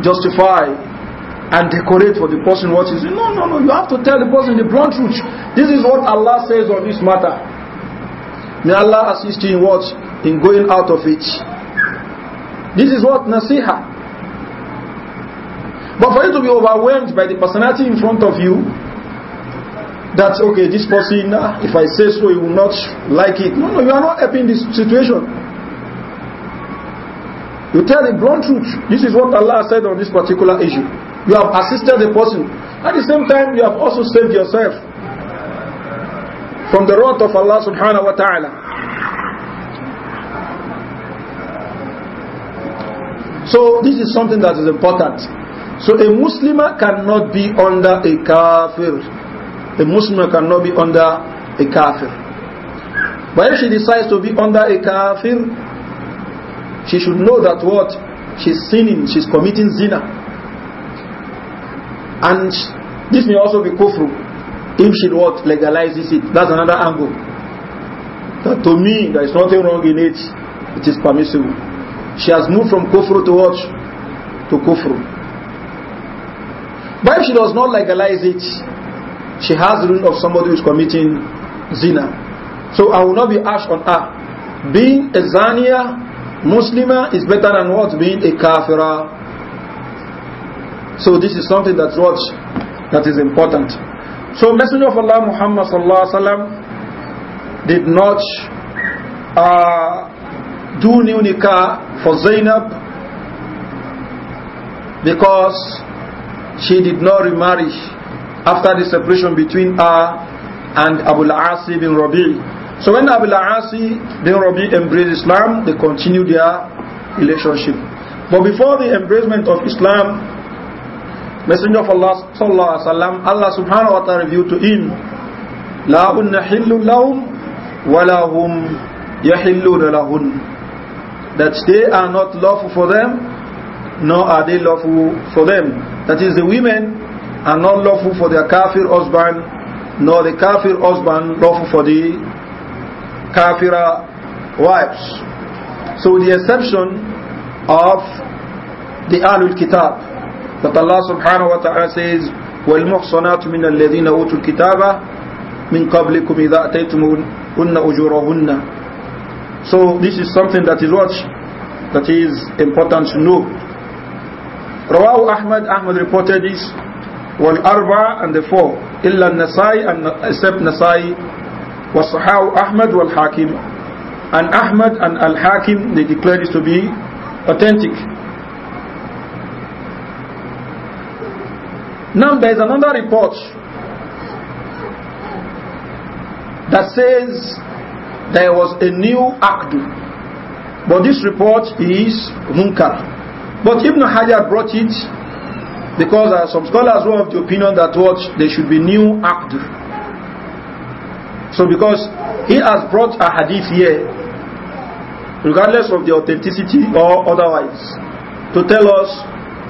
justify and decorate for the person what is. No, no, no. You have to tell the person the blunt truth. This is what Allah says on this matter. May Allah assist you in what? In going out of it. This is what nasiha. But for you to be overwhelmed by the personality in front of you, that's okay, this person, ah, if I say so, he will not like it. No, no, you are not helping this situation. You tell the blunt truth. This is what Allah said on this particular issue you have assisted the person. At the same time, you have also saved yourself from the wrath of Allah subhanahu wa ta'ala. So this is something that is important. So a Muslim cannot be under a kafir. A Muslim cannot be under a kafir. But if she decides to be under a kafir, she should know that what? She's sinning, she's committing zina. And this may also be kufru if she what legalizes it. That's another angle. That to me, there is nothing wrong in it. It is permissible. She has moved from kufru to what? To kufru. But if she does not legalize it, she has the room of somebody who is committing zina. So I will not be harsh on her. Being a zania Muslima is better than what? Being a kafirah. So this is something that's what that is important. So Messenger of Allah Muhammad sallallahu alaihi wasallam did not uh, do new nikah for Zainab because she did not remarry after the separation between her and Abu al-Asi bin Rabi. So when Abu al-Asi bin Rabi embraced Islam, they continued their relationship. But before the embracement of Islam, Messenger of Allah sallallahu alaihi wasallam, Allah subhanahu wa ta'ala revealed to him, لا هن حل لهم ولا هم يحلون لهن that they are not lawful for them nor are they lawful for them that is the women are not lawful for their kafir husband nor the kafir husband lawful for the kafira wives so the exception of the Ahlul Kitab But Allah subhanahu wa ta'ala says, وَالْمُحْصَنَاتُ مِنَ الَّذِينَ أُوتُوا الْكِتَابَ مِنْ قَبْلِكُمْ إِذَا أَتَيْتُمُونَ أُجُورَهُنَّ So this is something that is what? That is important to know. Rawahu Ahmad, Ahmad reported this, والأربعة and the four, إلا النسائي and except Nasai, والصحاو أحمد والحاكم. And Ahmad and Al-Hakim, they declared this to be authentic. Now there is another report that says there was a new Akdu. But this report is Munkar. But Ibn Hajar brought it because there are some scholars who have the opinion that what there should be new Akdu. So because he has brought a hadith here, regardless of the authenticity or otherwise, to tell us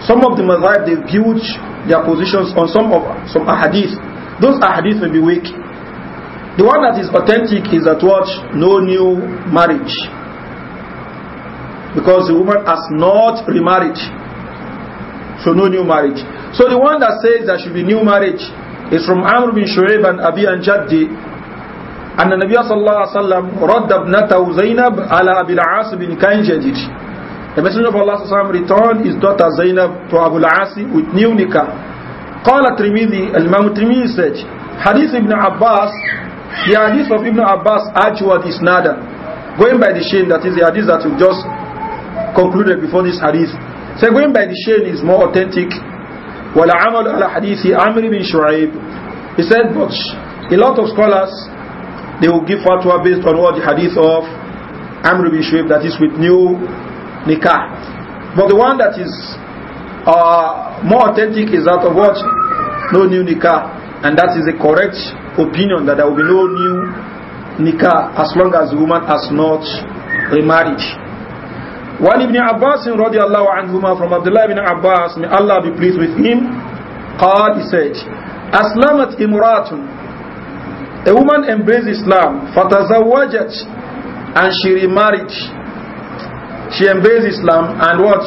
some of the madhab they built their positions on some of some ahadith. Those ahadith may be weak. The one that is authentic is that what? No new marriage. Because the woman has not remarried. So no new marriage. So the one that says there should be new marriage is from Amr bin Shu'aib and Abi and Jaddi أن النبي صلى الله عليه وسلم رد ابنته زينب على أبي العاص بن the Messenger of Allah wasallam returned his daughter Zainab to Abu al-Asi with new nikah. قال الترمذي الإمام الترمذي said Hadith ibn Abbas, the hadith of Ibn Abbas is Nada. going by the chain that is the hadith that we just concluded before this hadith so going by the chain is more authentic ولا عمل على حديث عمر بن شعيب he said but a lot of scholars they will give fatwa based on what the hadith of Amr ibn Shu'aib that is with new nikah. But the one that is uh, more authentic is that of what? No new nikah. And that is a correct opinion that there will be no new nikah as long as the woman has not remarried. While Ibn Abbas radiallahu anhuma from Abdullah ibn Abbas, may Allah be pleased with him, قال, he said, أسلمت إمرات A woman embraced Islam, فتزوجت and she remarried she embraced Islam and what?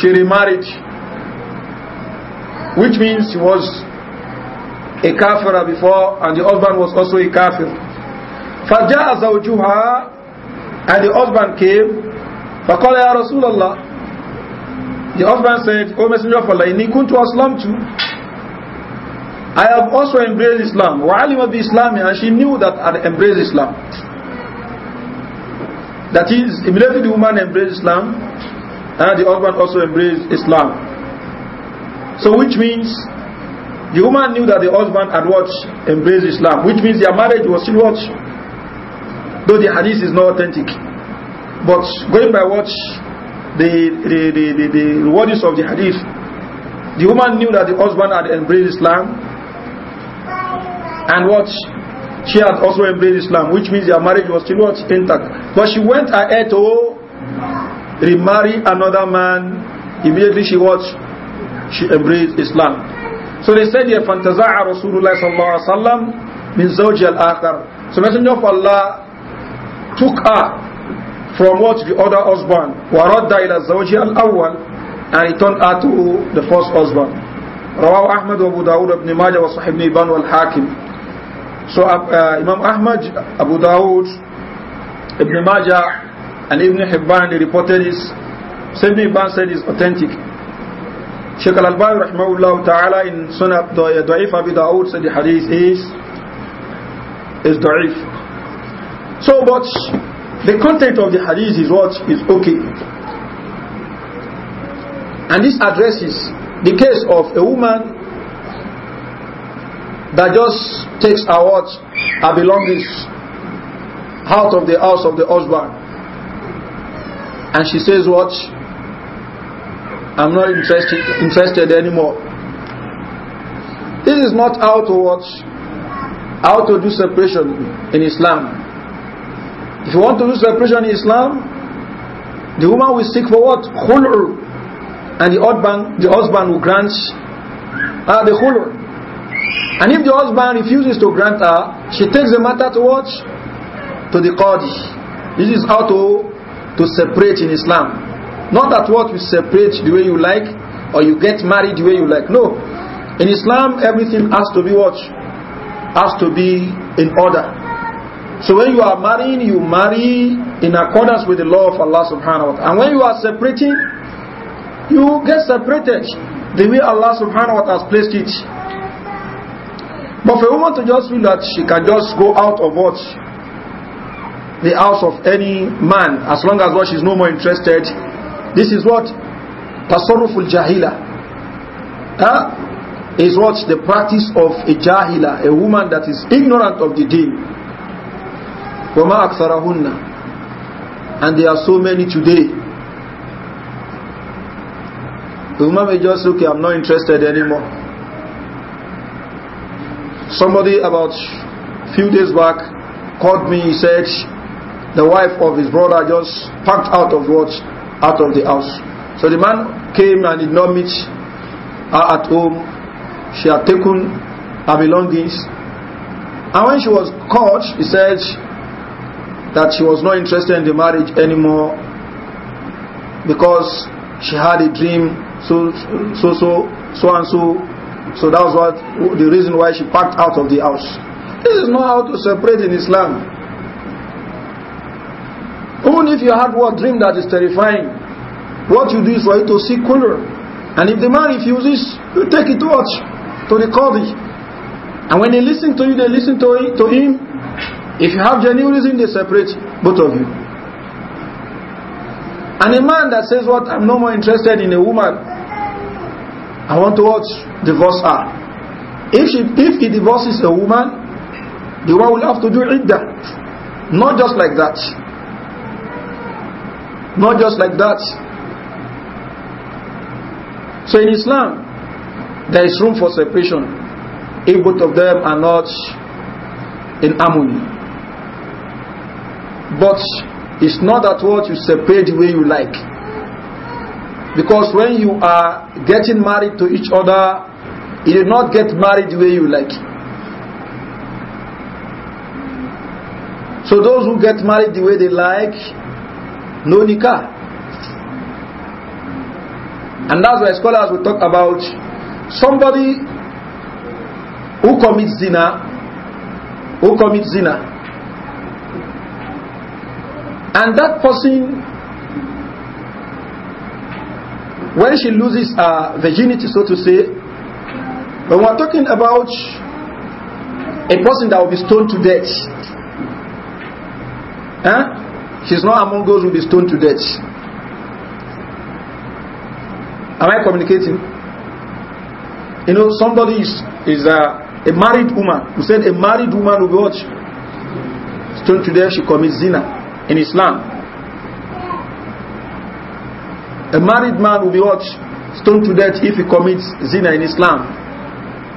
She remarried. Which means she was a kafira before and the husband was also a kafir. فَجَاءَ زَوْجُهَا And the husband came. فَقَالَ يَا رَسُولَ اللَّهِ The husband said, O Messenger of Allah, إِنِّي كُنْتُ أَسْلَمْتُ I have also embraced Islam. وَعَلِمَ بِإِسْلَامِ And she knew that I embraced Islam. That is, immediately the woman embraced Islam, and the husband also embraced Islam. So which means the woman knew that the husband had what? Embraced Islam. Which means their marriage was still what? Though the hadith is not authentic. But going by what the, the, the, the, the words of the hadith, the woman knew that the husband had embraced Islam and what she had also embraced Islam, which means their marriage was still not intact. But she went ahead to remarry another man. Immediately she watched, she embraced Islam. So they said, "Ya fantaza'a Rasulullah sallallahu min zawji al-akhar." So Messenger of Allah took her from what the other husband, waradda ila zawji al Awal, and he turned her to the first husband. رواه أحمد وأبو داود بن ماجه وصحيح بن إبان والحاكم so uh, uh, Imam Ahmad, Abu Dawud, Ibn Majah, and Ibn Hibban they reported this. Sayyid Ibn Hibban said it's authentic. Sheikh Al-Albani rahimahullah ta'ala in Sunnah uh, Da'if Abu Dawud said the hadith is is da'if. So but the content of the hadith is what is okay. And this addresses the case of a woman that just takes our watch, our belongings out of the house of the husband and she says what I'm not interested interested anymore this is not how to watch how to do separation in Islam if you want to do separation in Islam the woman will seek for what? khul'u and the husband, the husband will grant uh, the khul'u and if the husband refuses to grant her, she takes the matter to what? To the Qadi. This is how to, to separate in Islam. Not that what you separate the way you like or you get married the way you like. No. In Islam, everything has to be what? Has to be in order. So when you are marrying, you marry in accordance with the law of Allah subhanahu wa ta'ala. And when you are separating, you get separated the way Allah subhanahu wa ta'ala has placed it. But for a woman to just feel that she can just go out of what the house of any man as long as what she's no more interested, this is what tasorruful jahila huh? is what the practice of a jahila, a woman that is ignorant of the deen. Wama aktarahunna, and there are so many today. The woman may just say, "Okay, I'm not interested anymore." Somebody about a few days back called me, he said the wife of his brother just packed out of what? Out of the house. So the man came and did not meet her at home. She had taken her belongings. And when she was caught, he said that she was not interested in the marriage anymore because she had a dream so so so so and so so that was what the reason why she packed out of the house. This is not how to separate in Islam. Even if you had one dream that is terrifying, what you do is for you to seek cooler. And if the man refuses, you take it to watch, to the qadi. And when they listen to you, they listen to, to him. If you have genuine reason, they separate both of you. And a man that says what, I'm no more interested in a woman, I want to watch divorce her. If she, if he divorces a woman, the one will have to do iddah. Not just like that. Not just like that. So in Islam, there is room for separation if both of them are not in harmony. But it's not that what you separate the way you like. Because when you are getting married to each other, you do not get married the way you like. So those who get married the way they like, no nikah. And that's why scholars will talk about somebody who commits zina, who commits zina, and that person when she loses her virginity, so to say, when we're talking about a person that will be stoned to death, eh? she's not among those who will be stoned to death. Am I communicating? You know, somebody is, is a, uh, a married woman. who said a married woman will be Stoned to death, she commits zina in Islam. A married man will be what? Stoned to death if he commits zina in Islam.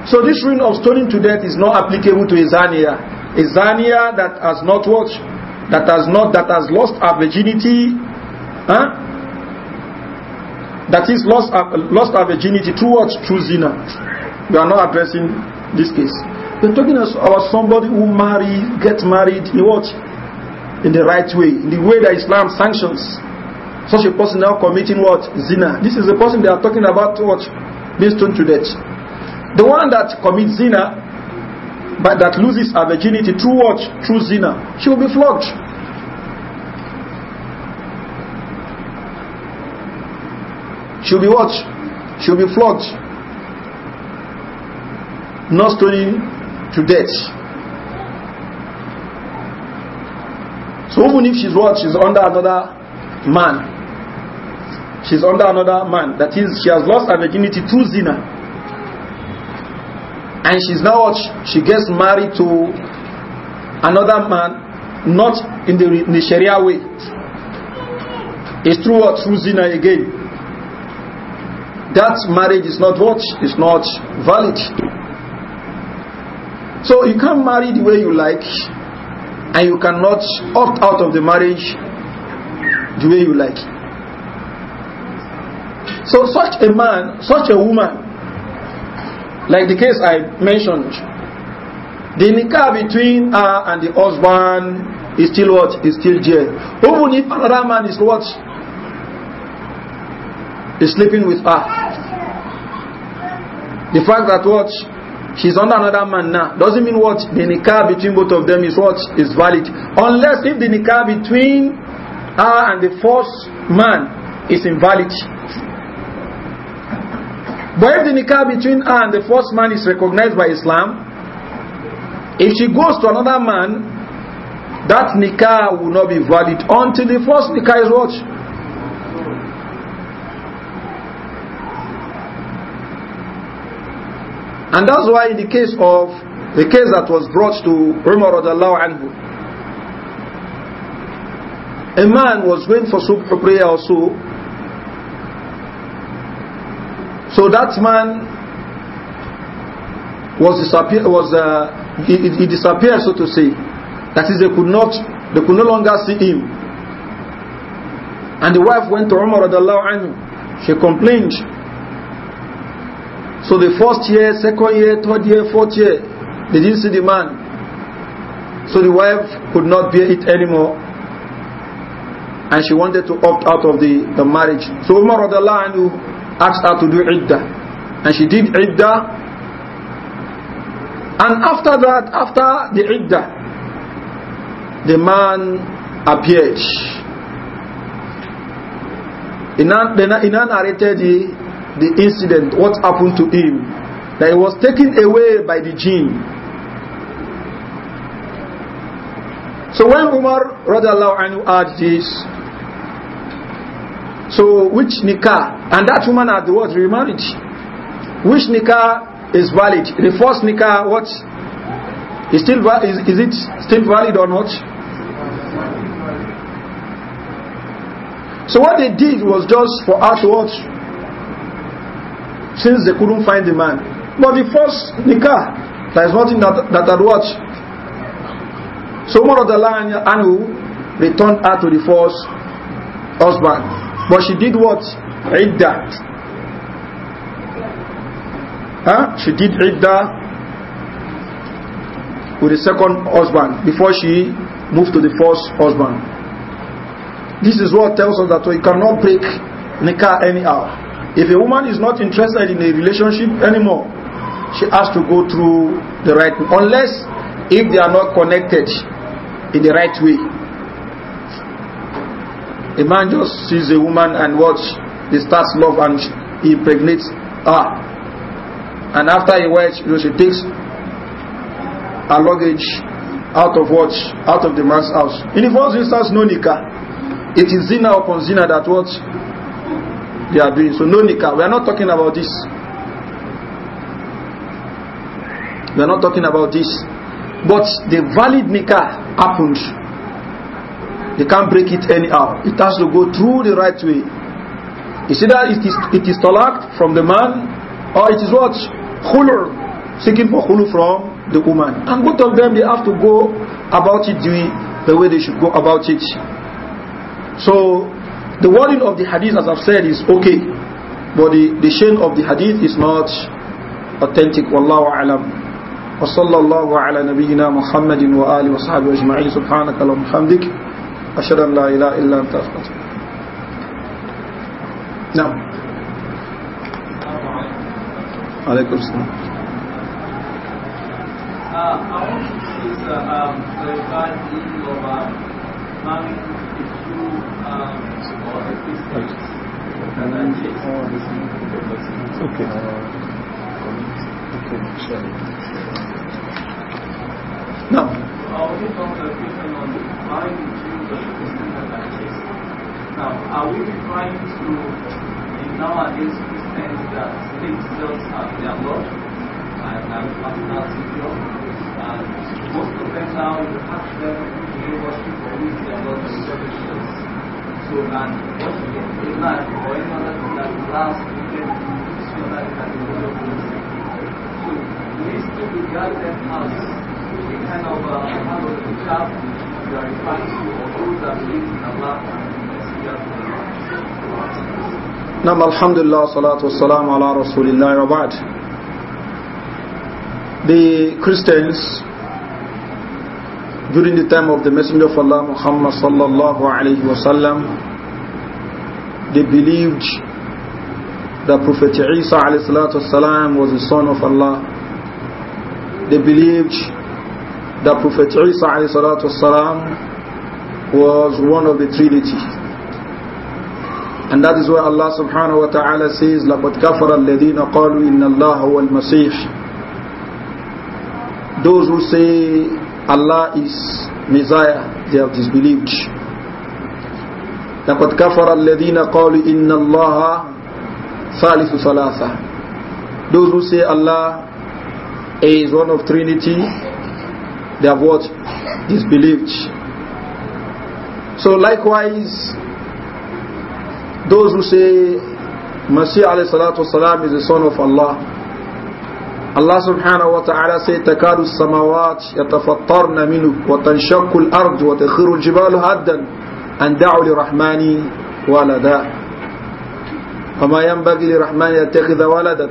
So this rule of stoning to death is not applicable to a zania. A zania that has not what? That has not, that has lost her virginity, huh? That is lost, lost her virginity through what? Through zina. We are not addressing this case. We're talking about somebody who marry, get married in what? In the right way, in the way that Islam sanctions. Such a person now committing what? Zina. This is the person they are talking about what? Being stoned to death. The one that commits zina, but that loses her virginity through what? Through zina. She will be flogged. She'll be what? She'll be flogged. Not stoning to death. So even if she's what? She's under another man she's under another man. That is, she has lost her virginity through zina. And she's now, she gets married to another man, not in the, in the Sharia way. It's through her, Through zina again. That marriage is not what? It's not valid. So you can marry the way you like, and you cannot opt out of the marriage the way you like. So such a man, such a woman, like the case I mentioned, the nikah between her and the husband is still what? Is still there. Even if another man is what? Is sleeping with her. The fact that what? She's under another man now. Doesn't mean what? The nikah between both of them is what? Is valid. Unless if the nikah between her and the first man is invalid. But if the nikah between her and the first man is recognized by Islam, if she goes to another man, that nikah will not be valid until the first nikah is washed. And that's why in the case of the case that was brought to Umar a man was going for subh prayer or so, So that man was disappear was uh, he, he, disappeared so to say. That is they could not they could no longer see him. And the wife went to Umar radiallahu anhu. She complained. So the first year, second year, third year, fourth year, they didn't see the man. So the wife could not bear it anymore. And she wanted to opt out of the, the marriage. So Umar radiallahu anhu asked her to do iddah. And she did iddah. And after that, after the iddah, the man appeared. He narrated the, the incident, what happened to him. That he was taken away by the jinn. So when Umar radiallahu anhu asked this, so which nikah? And that woman had the word remarriage. Which nikah is valid? The first nikah, what? Is still is, is it still valid or not? So what they did was just for outward, since they couldn't find the man. But the first nikah, there is nothing that that had what. So more of the line Anu returned her to the first husband. But she did what? Iddah. Huh? She did Iddah with the second husband before she moved to the first husband. This is what tells us that we cannot break nikah anyhow. If a woman is not interested in a relationship anymore, she has to go through the right unless if they are not connected in the right way. A man just sees a woman and watch, he starts love and he impregnates her. And after a while, you know, she takes her luggage out of what? Out of the man's house. In the first instance, no nikah. It is zina upon zina that what they are doing. So no nikah. We are not talking about this. We are not talking about this. But the valid nikah happened they can't break it anyhow. It has to go through the right way. Is it that it is, it is talaq from the man or it is what? Khulur. Seeking for khulu from the woman. And both of them, they have to go about it the, the way they should go about it. So, the wording of the hadith, as I've said, is okay. But the, the chain of the hadith is not authentic. Wallahu alam. وصلى الله على نبينا محمد وآله وصحبه أجمعين سبحانك اللهم وبحمدك أشهد أن لا إله إلا أنت أستغفرك نعم عليكم السلام Uh, I want to please uh, um, clarify the issue of uh, marrying if you um, or if it's oh, okay. okay. Now. I want to talk to the question on the marrying Now, are we trying to nowadays Christians that take Jesus as their Lord and as personal Savior? And most of them now, you have them in worship for which their Lord and So, and what a life or any other thing that lasts with them is your life and the Lord of So, we still regard them as a kind of uh, a kind of a child you are referring the ala rasulillah The Christians during the time of the Messenger of Allah Muhammad sallallahu alayhi wasallam they believed that Prophet Isa alayhi salatu was the son of Allah they believed that Prophet Isa والسلام, was one of the Trinity. And that is why Allah subhanahu wa ta'ala says, لَقَدْ كَفَرَ الَّذِينَ قَالُوا إِنَّ اللَّهَ وَالْمَسِيحِ Those who say Allah is Messiah, they have disbelieved. لَقَدْ كَفَرَ الَّذِينَ قَالُوا إِنَّ اللَّهَ ثَالِثُ ثَلَاثَةً Those who say Allah is one of Trinity, they have what? Disbelieved. So likewise, those who say Masih alayhi salatu salam is the son of Allah, Allah subhanahu wa ta'ala said, تَكَادُ السَّمَوَاتِ يَتَفَطَّرْنَ مِنُهُ وَتَنْشَقُّ الْأَرْضُ وَتَخِرُ الْجِبَالُ هَدًّا أَنْ دَعُوا لِرَحْمَانِ وَلَدًا وما ينبغي لرحمن يتخذ ولدا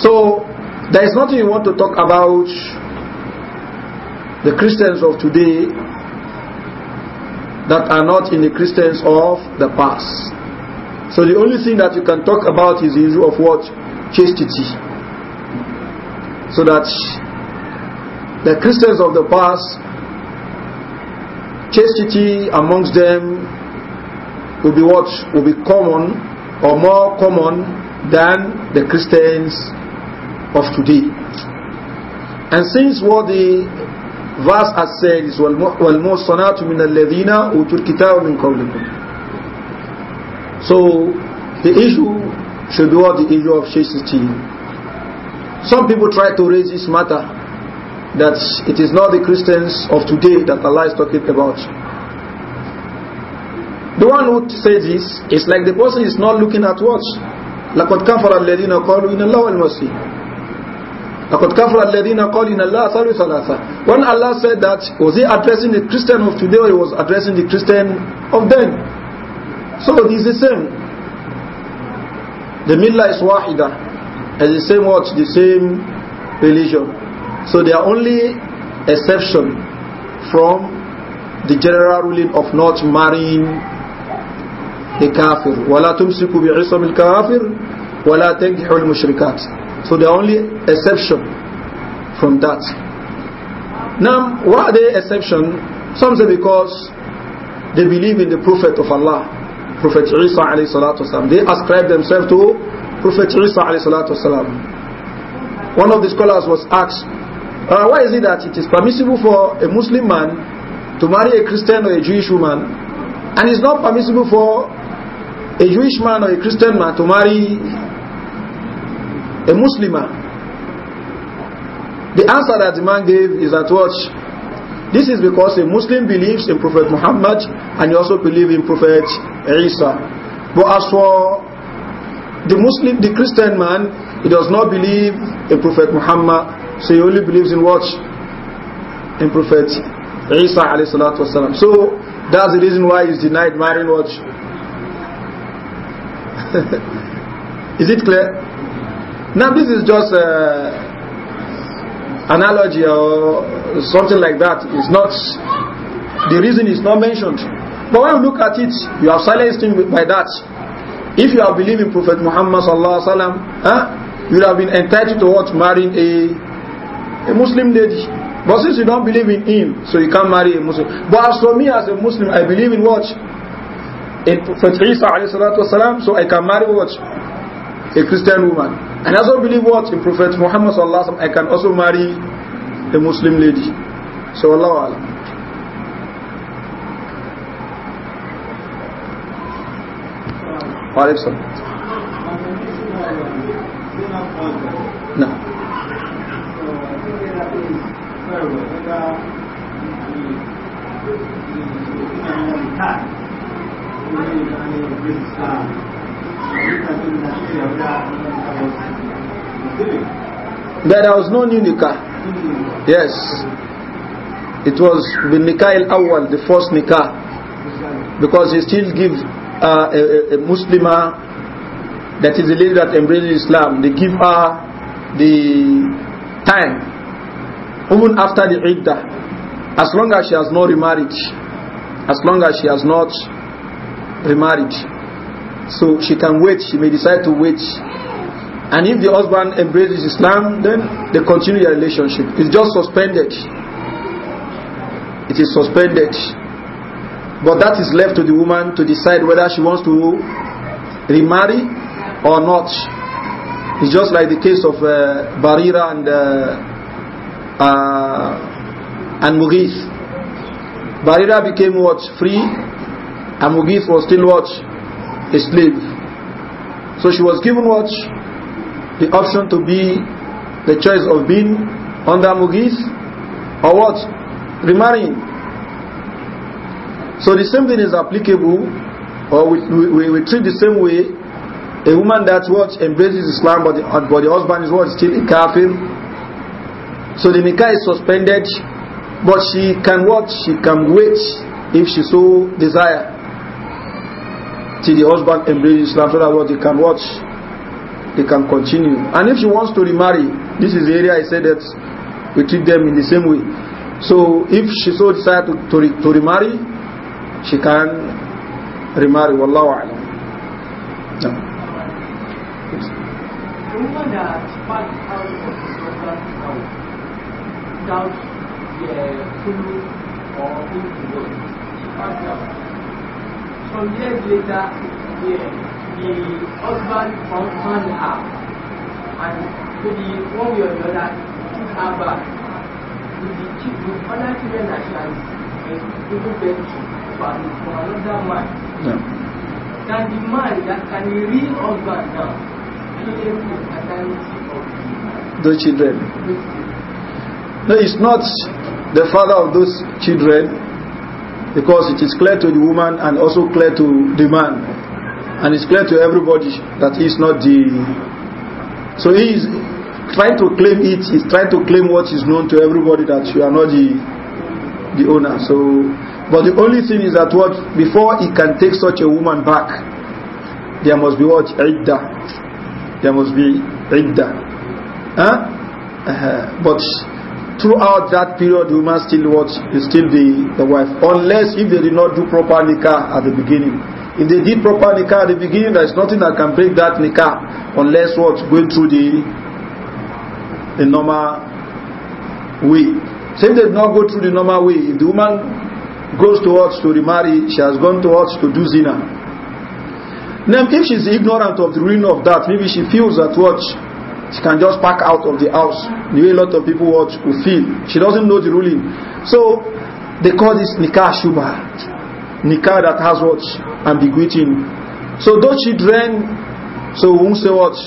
so there is nothing you want to talk about the Christians of today that are not in the Christians of the past. So the only thing that you can talk about is the issue of what? Chastity. So that the Christians of the past, chastity amongst them will be what? Will be common or more common than the Christians of today. And since what the verse as says وَالْمُحْصَنَاتُ مِنَ الَّذِينَ أُوتُوا الْكِتَابَ مِنْ قَوْلِكُمْ So the issue should be what the issue of chastity. Some people try to raise this matter that it is not the Christians of today that Allah is talking about. The one who says this is like the person is not looking at what? لَقَدْ كَفَرَ الَّذِينَ قَالُوا إِنَ اللَّهَ الْمَسِيحِ لَقَدْ كَفْرَ الَّذِينَ قَالِنَ اللَّهَ ثَلُوِ ثَلَاثًا When Allah said that, was he addressing the Christian of today or he was addressing the Christian of then? So it is the same. The millah is wahida. It's the same what? The same religion. So they are only exception from the general ruling of not marrying the kafir. وَلَا تُمْسِكُوا بِعِصَمِ الْكَافِرِ وَلَا تَنْكِحُوا الْمُشْرِكَاتِ so the only exception from that. Now, why are they exception? Some say because they believe in the Prophet of Allah, Prophet Isa alayhi salatu wasalam. They ascribe themselves to Prophet Isa alayhi salatu wasalam. One of the scholars was asked, uh, why is it that it is permissible for a Muslim man to marry a Christian or a Jewish woman, and it's not permissible for a Jewish man or a Christian man to marry a Muslimah. The answer that the man gave is that watch. This is because a Muslim believes in Prophet Muhammad and he also believes in Prophet Isa. But as for the Muslim, the Christian man, he does not believe in Prophet Muhammad, so he only believes in what? In Prophet Isa alayhi salatu wasalam. So that's the reason why he's denied marrying what? is it clear? Now this is just an uh, analogy or something like that. It's not the reason is not mentioned. But when you look at it, you have silenced him by that. If you are believing Prophet Muhammad sallallahu alaihi wasallam, huh, you would have been entitled to what marrying a a Muslim lady. But since you don't believe in him, so you can't marry a Muslim. But as for me as a Muslim, I believe in what? In Prophet Isa alayhi salatu wasalam, so I can marry what? A Christian woman. And I also believe what? In Prophet Muhammad sallallahu I can also marry a Muslim lady. So Allah Allah. Alaikum. No. That there was no new nikah. Yes. It was the nikah al-awwal, the first nikah. Because he still give uh, a, a, Muslimah, uh, that is the lady that embraces Islam, they give her the time. Even after the iddah. As long as she has not remarried. As long as she has not remarried. So she can wait, she may decide to wait. And if the husband embraces Islam, then they continue their relationship. It's just suspended. It is suspended. But that is left to the woman to decide whether she wants to remarry or not. It's just like the case of uh, Barira and uh, uh, and Mughith. Barira became what? Free and Mughith was still what? a slave. So she was given what? The option to be the choice of being under Mughis or what? Remarrying. So the same thing is applicable or we, we, we treat the same way a woman that what embraces Islam but the, but the husband is what still a kafir so the nikah is suspended but she can watch she can wait if she so desire till the husband embrace Islam so that what they can watch, they can continue. And if she wants to remarry, this is the area I said that we treat them in the same way. So if she so decides to, to, to remarry, she can remarry. Wallahu alam. No. Yes. From years later, the, the husband confronted her and maybe one way or the other took her back with the chief, with other children that she has given birth to for, for another man. Yeah. Can the man, that can the real husband now, claim the paternity of the children? The children. No, it's not the father of those children because it is clear to the woman and also clear to the man and it's clear to everybody that he's not the so he is trying to claim it he's trying to claim what is known to everybody that you are not the the owner so but the only thing is that what before he can take such a woman back there must be what idda there must be idda huh? Uh -huh. but throughout that period the woman still watch still be the wife unless if they did not do proper nikah at the beginning if they did proper nikah at the beginning there is nothing that can break that nikah unless what going through the the normal way so if they did not go through the normal way if the woman goes towards to remarry she has gone towards to do zina now if she is ignorant of the ruling of that maybe she feels that what she can just pack out of the house. The way a lot of people watch will feel. She doesn't know the ruling. So they call this nikah shubha. Nikah that has watch Ambiguity. So those children, so won't say watch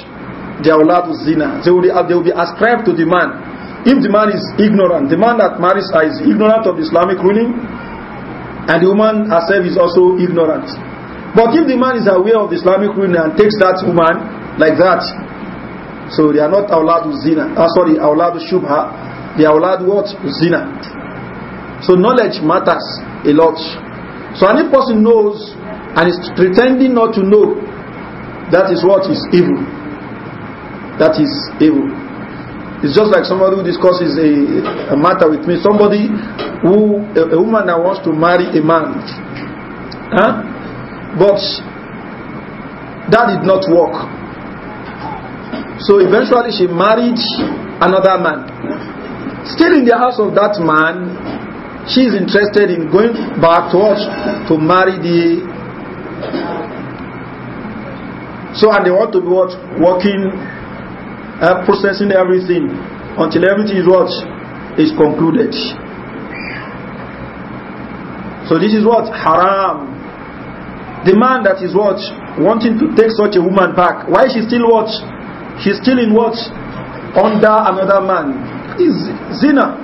They are allowed to zina. They will, be, uh, they will be ascribed to the man. If the man is ignorant, the man that marries her is ignorant of Islamic ruling, and the woman herself is also ignorant. But if the man is aware of Islamic ruling and takes that woman like that, so they are not awladu zina. Ah, sorry, awladu shubha. They are awladu what? Zina. So knowledge matters a lot. So any person knows and is pretending not to know, that is what is evil. That is evil. It's just like somebody who discusses a, a matter with me. Somebody who, a, a, woman that wants to marry a man. Huh? But that did not work. So eventually she married another man. Still in the house of that man, she is interested in going back to us to marry the. So and they want to be what working, uh, processing everything until everything is what is concluded. So this is what haram. The man that is what wanting to take such a woman back, why is she still what he's in what? Under another man. Is zina.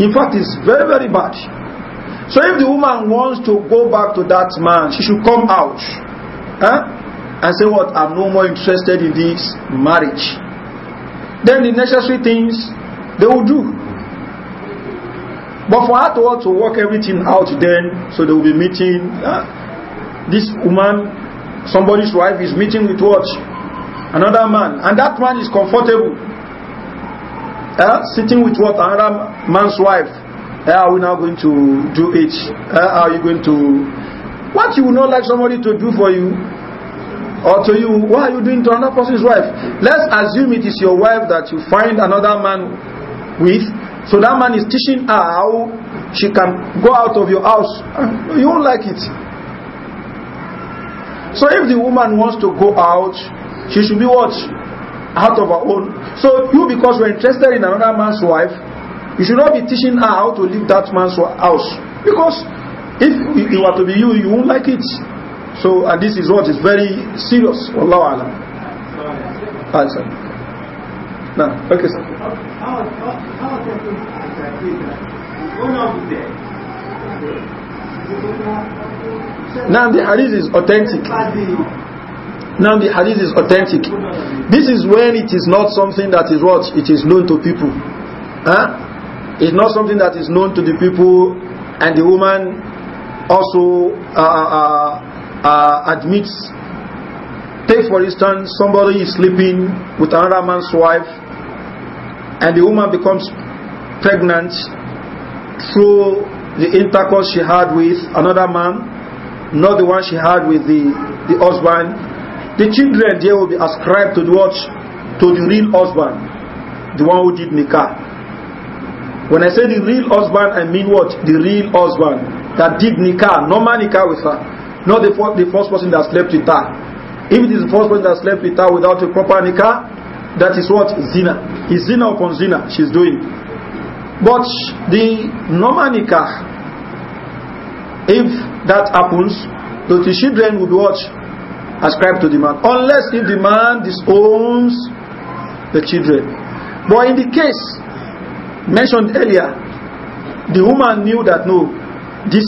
In fact, it's very, very bad. So if the woman wants to go back to that man, she should come out eh? and say, What? I'm no more interested in this marriage. Then the necessary things they will do. But for her to, to work everything out, then, so they will be meeting. This woman, somebody's wife, is meeting with what? another man, and that man is comfortable uh, sitting with what another man's wife. Uh, are we now going to do it? Uh, are you going to? What you would not like somebody to do for you or to you, What are you doing to another person's wife? Let's assume it is your wife that you find another man with. So that man is teaching her how she can go out of your house. You won't like it. So if the woman wants to go out, she should be what? Out of her own. So you, because you're interested in another man's wife, you should not be teaching her how to leave that man's house. Because if it were to be you, you won't like it. So, and this is what is very serious. Wallahu alam. Answer. No, okay, sir. now the hadith is authentic. Now the hadith is authentic. This is when it is not something that is what? It is known to people. Huh? It's not something that is known to the people and the woman also uh, uh, uh, uh, admits. Take for instance, somebody is sleeping with another man's wife and the woman becomes pregnant through the intercourse she had with another man, not the one she had with the, the husband the children they will be ascribed to the watch to the real husband, the one who did nikah. When I say the real husband, I mean what? The real husband that did nikah, normal nikah with her, not the, the first person that slept with her. If it is the first person that slept with her without a proper nikah, that is what? Zina. It's zina upon zina she's doing. But the normal nikah, if that happens, the children would watch ascribed to the man, unless if the man disowns the children. But in the case mentioned earlier, the woman knew that no, these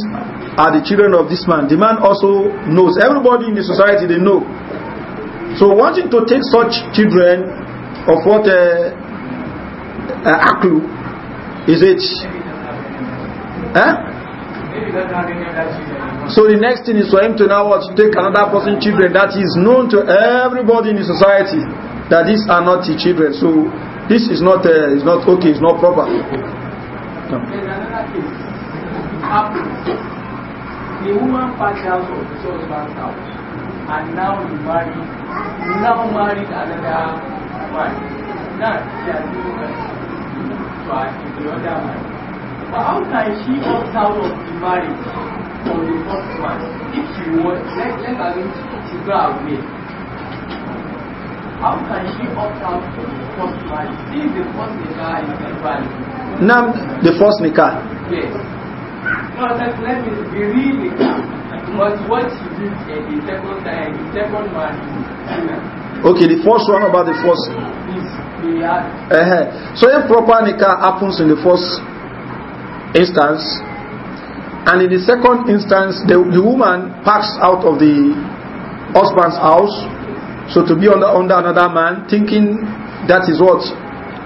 are the children of this man. The man also knows. Everybody in the society, they know. So wanting to take such children of what uh, uh, Aklu is it? Huh? So the next thing is for him to now to take another person's children that is known to everybody in the society that these are not his children. So this is not uh, is not okay. It's not proper. No. The woman passed out of the husband's house, and now he married, now married another Now she has the other man. But how can she opt out of the marriage? on the first one. If she want, let, let her to go away, how can she opt out for the first one? If the first nikah is valid. Now, the first nikah. Yes. No, that let me be real But what she did at the second time, the second one, Okay, the first one about the first. Uh -huh. So if proper nikah happens in the first instance, and in the second instance, the, the woman packs out of the husband's house, so to be under, under another man, thinking that is what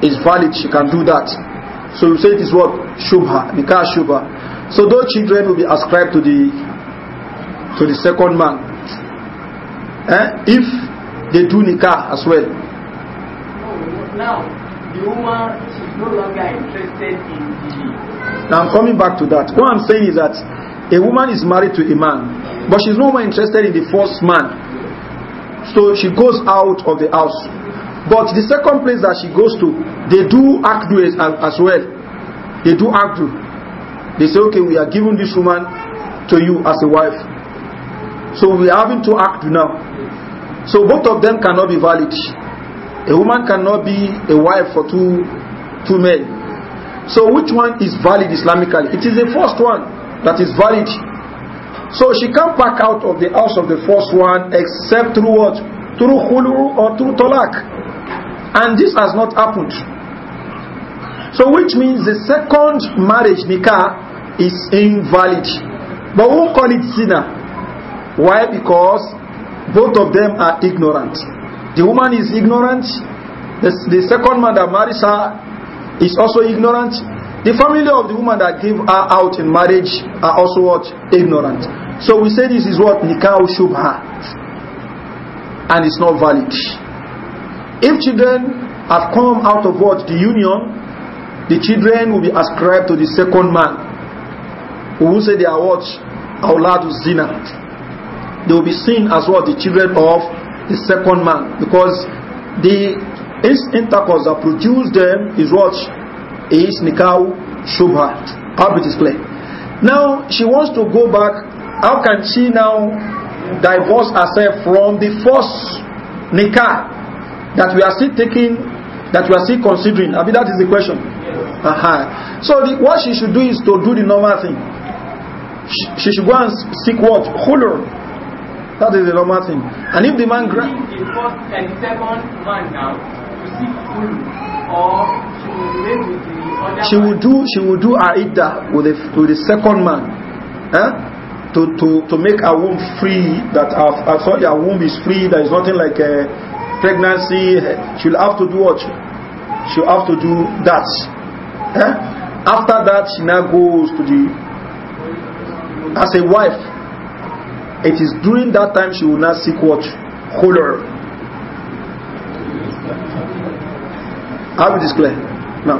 is valid, she can do that. So you say it is what? Shubha, Nikah Shubha. So those children will be ascribed to the to the second man. Eh? If they do Nikah as well. Now, now I'm coming back to that. What I'm saying is that a woman is married to a man, but she's no more interested in the first man. So she goes out of the house. But the second place that she goes to, they do act as, as well. They do akdu. They say, okay, we are giving this woman to you as a wife. So we are having to act now. So both of them cannot be valid. A woman cannot be a wife for two, two men. So which one is valid Islamically? It is the first one that is valid. So she can't back out of the house of the first one except through what? Through khulu or through talak. And this has not happened. So which means the second marriage nikah is invalid. But we call it sinner. Why? Because both of them are ignorant. The woman is ignorant. The, the second man that marries her is also ignorant. The family of the woman that gave her out in marriage are also what? Ignorant. So we say this is what? Nikah Shubha. And it's not valid. If children have come out of what? The union, the children will be ascribed to the second man. Who will say they are what? Auladu Zina. They will be seen as what? The children of the second man because the intercourse that produced them is what is nikau shubha. Hope it is clear. Now she wants to go back. How can she now divorce herself from the first nikah that we are still taking, that we are still considering? I mean, that is the question. Uh -huh. So the, what she should do is to do the normal thing. She, she should go and seek what? Khulur That is the normal thing. And if the man grabs... the first and second man now to seek food or she will with the she will do She will do her with the, with the second man. Huh? Eh? To, to, to make our womb free, that our, our, sorry, womb is free, there is nothing like a eh, pregnancy. Eh, she'll have to do what? she'll have to do that. Huh? After that, she now goes to the... As a wife, it is during that time she will not seek what? Khulur. I will this clear? No.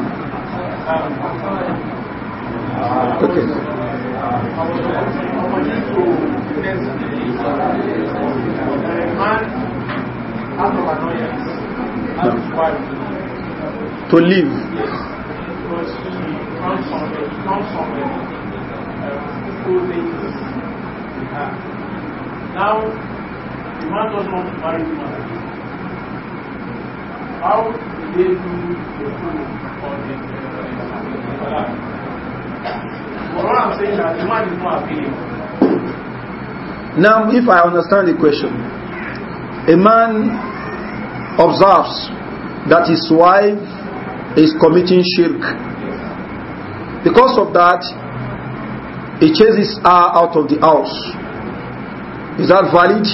Okay. No. To live. Because comes from the, comes from the, uh, things now, the man does not marry the man. How do they do the pruning or the For what I'm saying that the man is not available. Now, if I understand the question, a man observes that his wife is committing shirk. Because of that, he chases her out of the house. Is that valid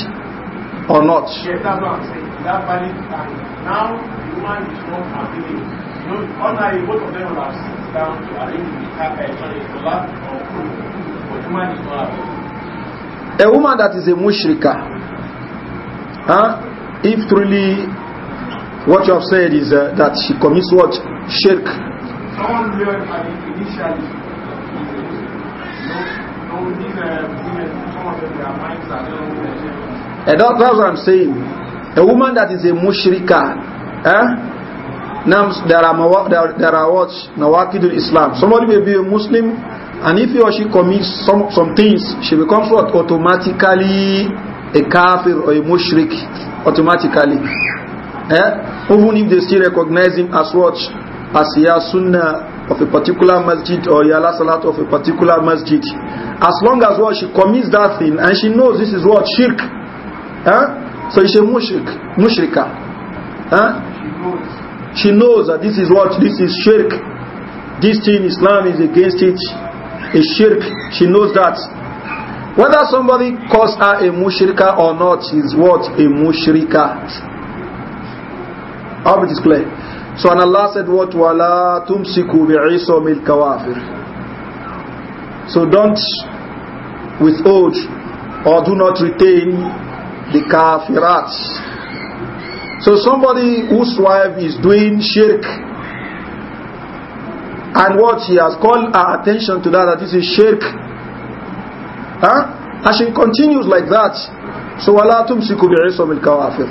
or not? Yes, that's what I'm saying. That valid and now the woman is not appealing. You know, ordinarily both of them will have sit down to arrange the car, sorry, to laugh proof. But the woman is not appealing. A woman that is a mushrika, huh? if truly what you have said is uh, that she commits what? Shirk. Someone learned initially, you uh, know, these uh, women And that, that's what I'm saying. A woman that is a mushrika, eh? Now there are there, there are what nawakidul Islam. Somebody may be a Muslim, and if he or she commits some some things, she becomes what automatically a kafir or a mushrik automatically. Eh? Even if they still recognize him as what as he has sunnah of a particular masjid or Yala Salat of a particular masjid. As long as what she commits that thing and she knows this is what shirk. Huh? So she a mushrik, mushrika. Huh? She knows that this is what this is shirk. This thing Islam is against it. It's shirk. She knows that. Whether somebody calls her a mushrika or not, is what a mushrika. I hope it is clear. So and Allah said what wala tumsiku bi'isa mil kawafir. So don't withhold or do not retain the kafirat. So somebody whose wife is doing shirk and what he has called our attention to that that this is shirk. Huh? And she continues like that. So wala tumsiku bi'isa mil kawafir.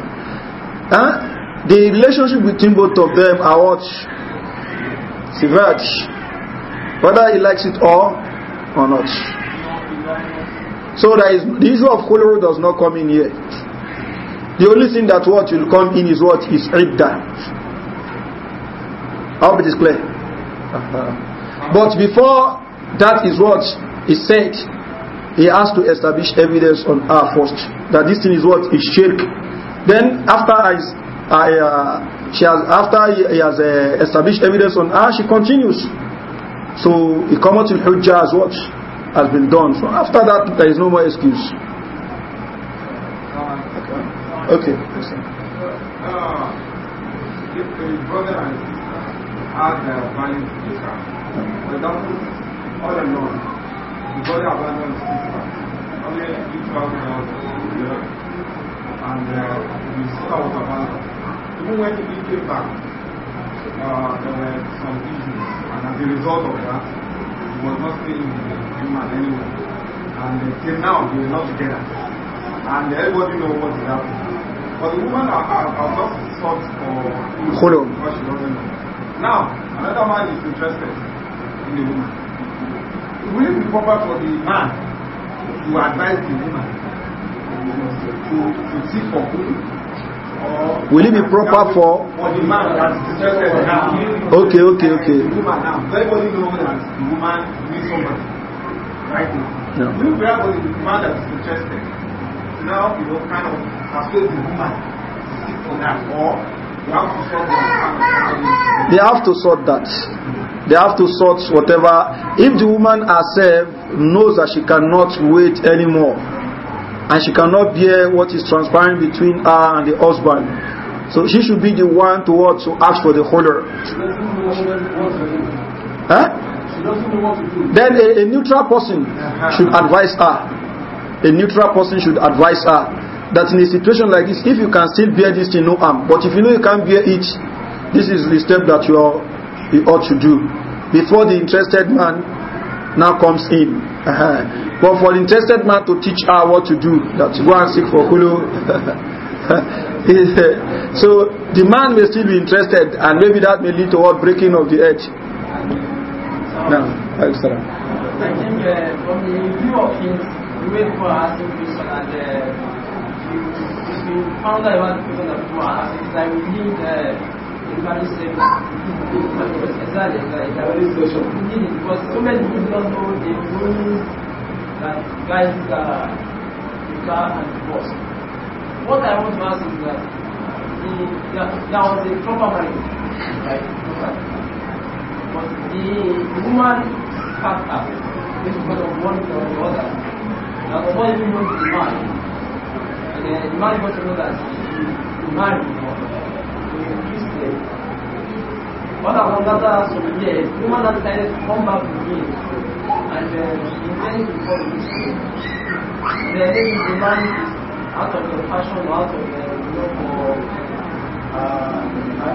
Huh? the relationship between both of them are what? Sivaj. Whether he likes it or, or not. So there is, the issue of cholera does not come in here. The only thing that what will come in is what is iddah. I hope it is clear. Uh -huh. But before that is what is said, he has to establish evidence on her first. That this thing is what is shirk. Then after I I, uh, she has, after he has uh, established evidence on her, she continues. So the Iqamat al-Hujjah as what? Has been done. So after that, there is no more excuse. Okay. okay. If brother and sister had for example, all alone, the brother abandoned sister, only and sister was abandoned. Even when he came back, uh, there were some issues. And as a result of that, he was not staying the Newman anymore. And uh, till now, they were not together. And everybody knows what is happening. But the woman has not sought for food because she doesn't know. Now, another man is interested in the woman. Will it be proper for the man to advise the woman to, to seek for food? Will it be proper for? Okay, okay, okay. Right now. No. we have a man that is interested, now you know kind of persuade the woman to seek for that or they have to sort that. They have to sort whatever. If the woman herself knows that she cannot wait anymore, and she cannot bear what is transpiring between her and the husband. So she should be the one to what to ask for the holder. Huh? Then a, a neutral person should advise her. A neutral person should advise her that in a situation like this, if you can still bear this thing, no harm. But if you know you can't bear it, this is the step that you, are, you ought to do. Before the interested man now comes in. Uh-huh. But for the interested man to teach her what to do, that to go and seek for hulu. so the man may still be interested, and maybe that may lead toward breaking of the edge. Now, extra. from the view of things, we wait for asking question and uh, you, found that one person that people are asking, that we need. Uh, everybody saying it's not like a very social because so many people know the rules that guys are the and the What I want to ask is that the, there, there proper marriage, right? But the woman cut up which because of the other. Now the boy the man. And then the that he, he married. One of our brothers from here, the woman And uh, the issue. Then man is out of the fashion, out of the,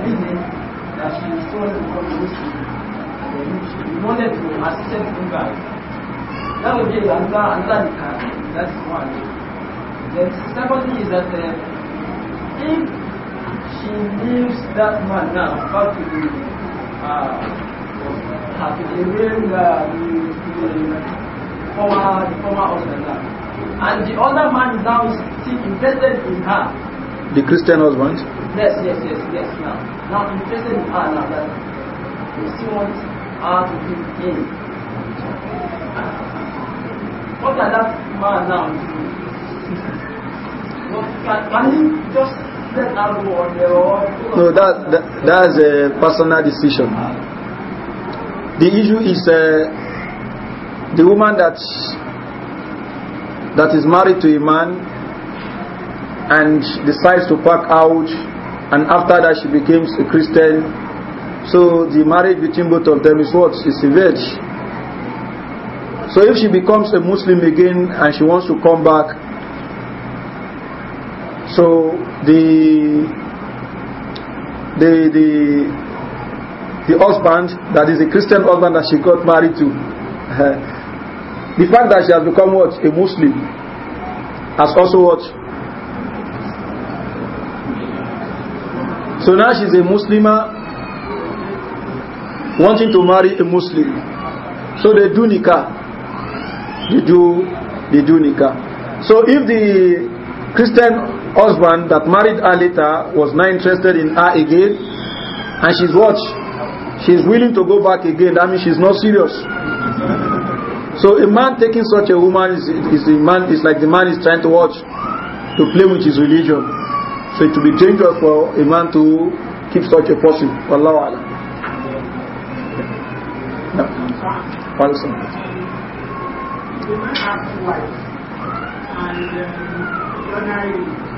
you uh, that she is from the issue. to assist him back. That would be another, another That's one. The second is that uh, if she leaves that man now, how to do Àti ìwé ìlà former, the former husband And the other man now still invested in her. The Christian husband? Yes, yes, yes, yes, now. Now invested in her now that he still wants her to be in. What can that man now do? What, can, can he just No, that, that, that is a personal decision. The issue is uh, the woman that that is married to a man and decides to pack out, and after that she becomes a Christian. So the marriage between both of them is what is a virgin. So if she becomes a Muslim again and she wants to come back, so the the the the husband that is a Christian husband that she got married to, uh, the fact that she has become what a Muslim has also what. So now she's a Muslima wanting to marry a Muslim. So they do nikah. They do they do nikah. So if the Christian husband that married her later was not interested in her again, and she's what? She's willing to go back again. That means she's not serious. So a man taking such a woman is, is the man is like the man is trying to watch to play with his religion. So it would be dangerous for a man to keep such a person. Wallahu ala. No. Listen. The man has and um,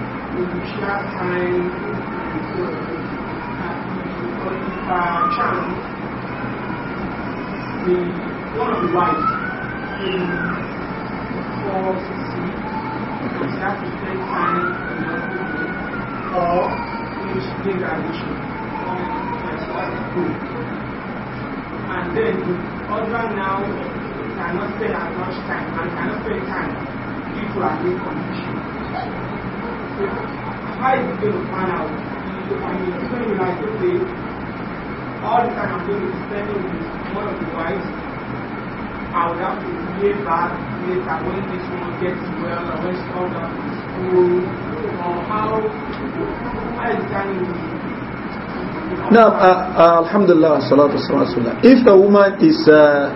time one of the wives in 460 because that is very time or which did addition on the group. And then the other now cannot spend as much time and cannot spend time due to a new condition. how is it going to pan out? I mean, it's going to be like, okay, all the time I'm going to be spending with one of the wives, I would have to lay back later when this one gets well or when she comes out from school, or how, how is it going to be? Now, uh, uh, Alhamdulillah, salatu wasalam. If a woman is, uh,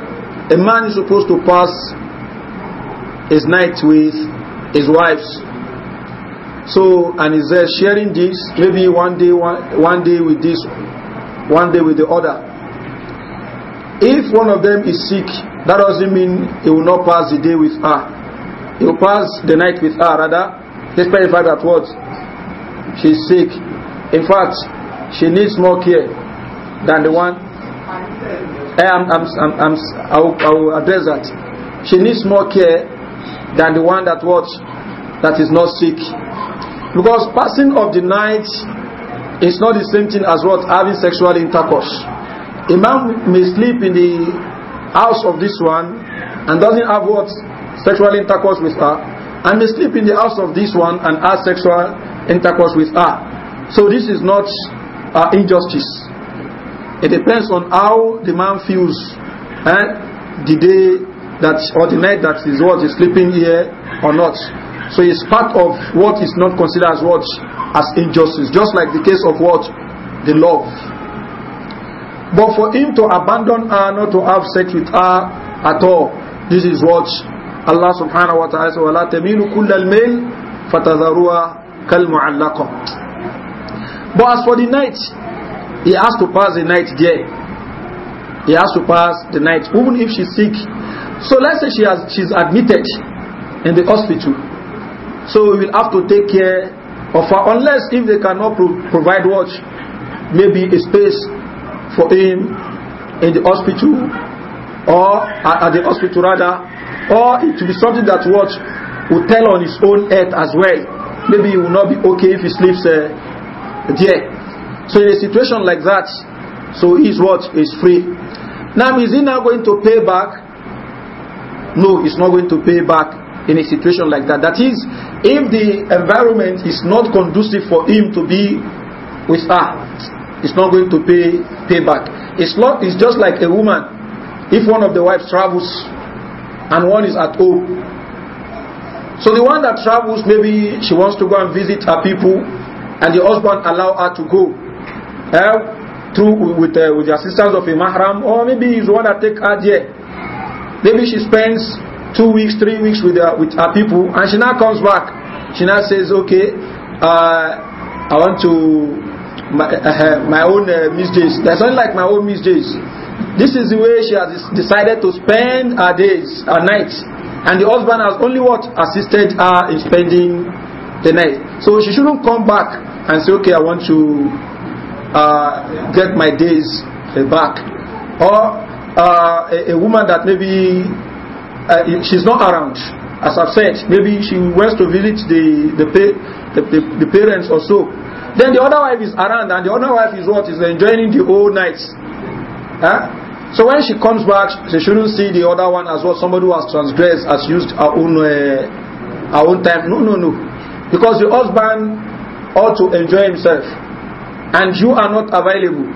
a man is supposed to pass his night with his wives so, and is there sharing this, maybe one day, one, one day with this, one day with the other. If one of them is sick, that doesn't mean he will not pass the day with her. He will pass the night with her, rather, despite the fact that what? She's sick. In fact, she needs more care than the one. Eh, I'm, I'm, I'm, I'm, I, will, I will address that. She needs more care than the one that what? That is not sick. Because passing of the night is not the same thing as what having sexual intercourse. A man may sleep in the house of this one and doesn't have what sexual intercourse with her, and may sleep in the house of this one and have sexual intercourse with her. So this is not uh, injustice. It depends on how the man feels eh, the day that or the night that is what is sleeping here or not. So it's part of what is not considered as what? As injustice. Just like the case of what? The love. But for him to abandon her, not to have sex with her at all, this is what Allah subhanahu wa ta'ala says, وَلَا تَمِيلُ كُلَّ الْمَيْلِ فَتَذَرُوهَا كَالْمُعَلَّقَةِ But as for the night, he has to pass the night there. He has to pass the night, even if she's sick. So let's say she has, she's admitted in the hospital. So we will have to take care of her unless if they cannot pro provide watch, maybe a space for him in the hospital or uh, at, the hospital rather or it will be something that watch will tell on his own earth as well maybe he will not be okay if he sleeps uh, there so in a situation like that so his watch is free now is he now going to pay back no he's not going to pay back in a situation like that. That is, if the environment is not conducive for him to be with her, it's not going to pay payback. It's not. It's just like a woman. If one of the wives travels and one is at home, so the one that travels, maybe she wants to go and visit her people, and the husband allow her to go. Eh, through with, uh, with the assistance of a mahram, or maybe he's the one that take her there. Maybe she spends two weeks, three weeks with her, uh, with her people, and she now comes back. She now says, okay, uh, I want to my, uh, my own uh, misdeeds. That's not like my own days. This is the way she has decided to spend her days, her nights, and the husband has only what assisted her in spending the night. So she shouldn't come back and say, okay, I want to uh, get my days uh, back. Or uh, a, a woman that maybe uh, she's not around. As I've said, maybe she wants to visit the the, the, the, the parents or so. Then the other wife is around, and the other wife is what is enjoying the whole night. Huh? So when she comes back, she shouldn't see the other one as what well, somebody who has transgressed, has used her own uh, her own time. No, no, no, because the husband ought to enjoy himself, and you are not available.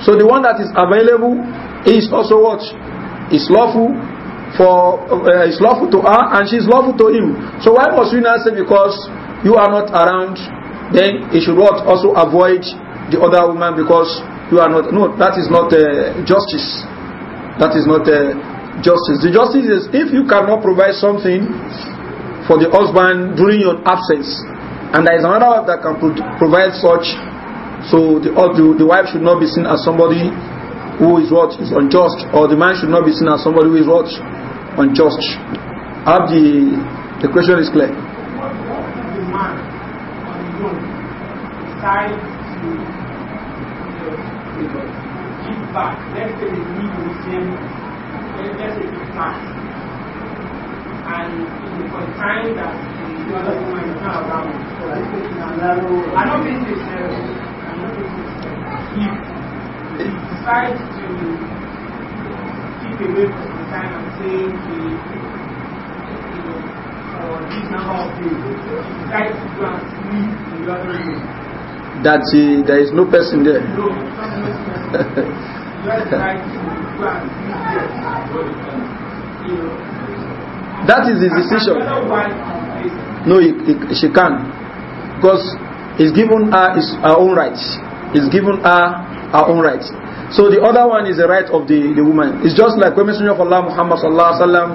So the one that is available is also what is lawful for uh, lawful to her and she's lawful to him. So why must we now say because you are not around, then he should what also avoid the other woman because you are not. No, that is not uh, justice. That is not uh, justice. The justice is if you cannot provide something for the husband during your absence, and there is another wife that can pro provide such, so the, the the wife should not be seen as somebody who is what is unjust, or the man should not be seen as somebody who is what unjust. Have the the question is clear. Give back. Let's say the new museum, let's say it's back. And in the time that the other woman is not around, I don't think it's, I don't think he decides to keep away from kind of saying the, you know, for this number of days, try to go and sleep in the other room. That uh, there is no person there. No, that is the decision. No, he, he, she can. Because it's given her his, her own rights. It's given her her own rights So the other one is the right of the, the woman. It's just like when Messenger of Allah Muhammad sallallahu alaihi wasallam,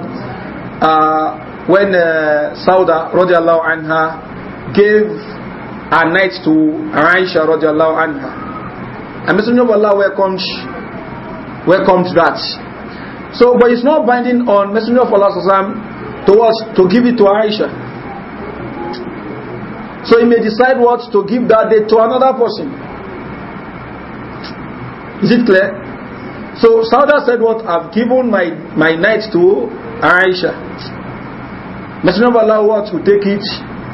uh, when uh, Sauda radiallahu anha gave her night to Aisha radiallahu anha, and Messenger of Allah welcomed welcomed that. So, but it's not binding on Messenger of Allah sallallahu to us to give it to Aisha. So he may decide what to give that day to another person. Is it clear? So Sauda said what? I've given my, my night to Aisha. Messenger of Allah what to take it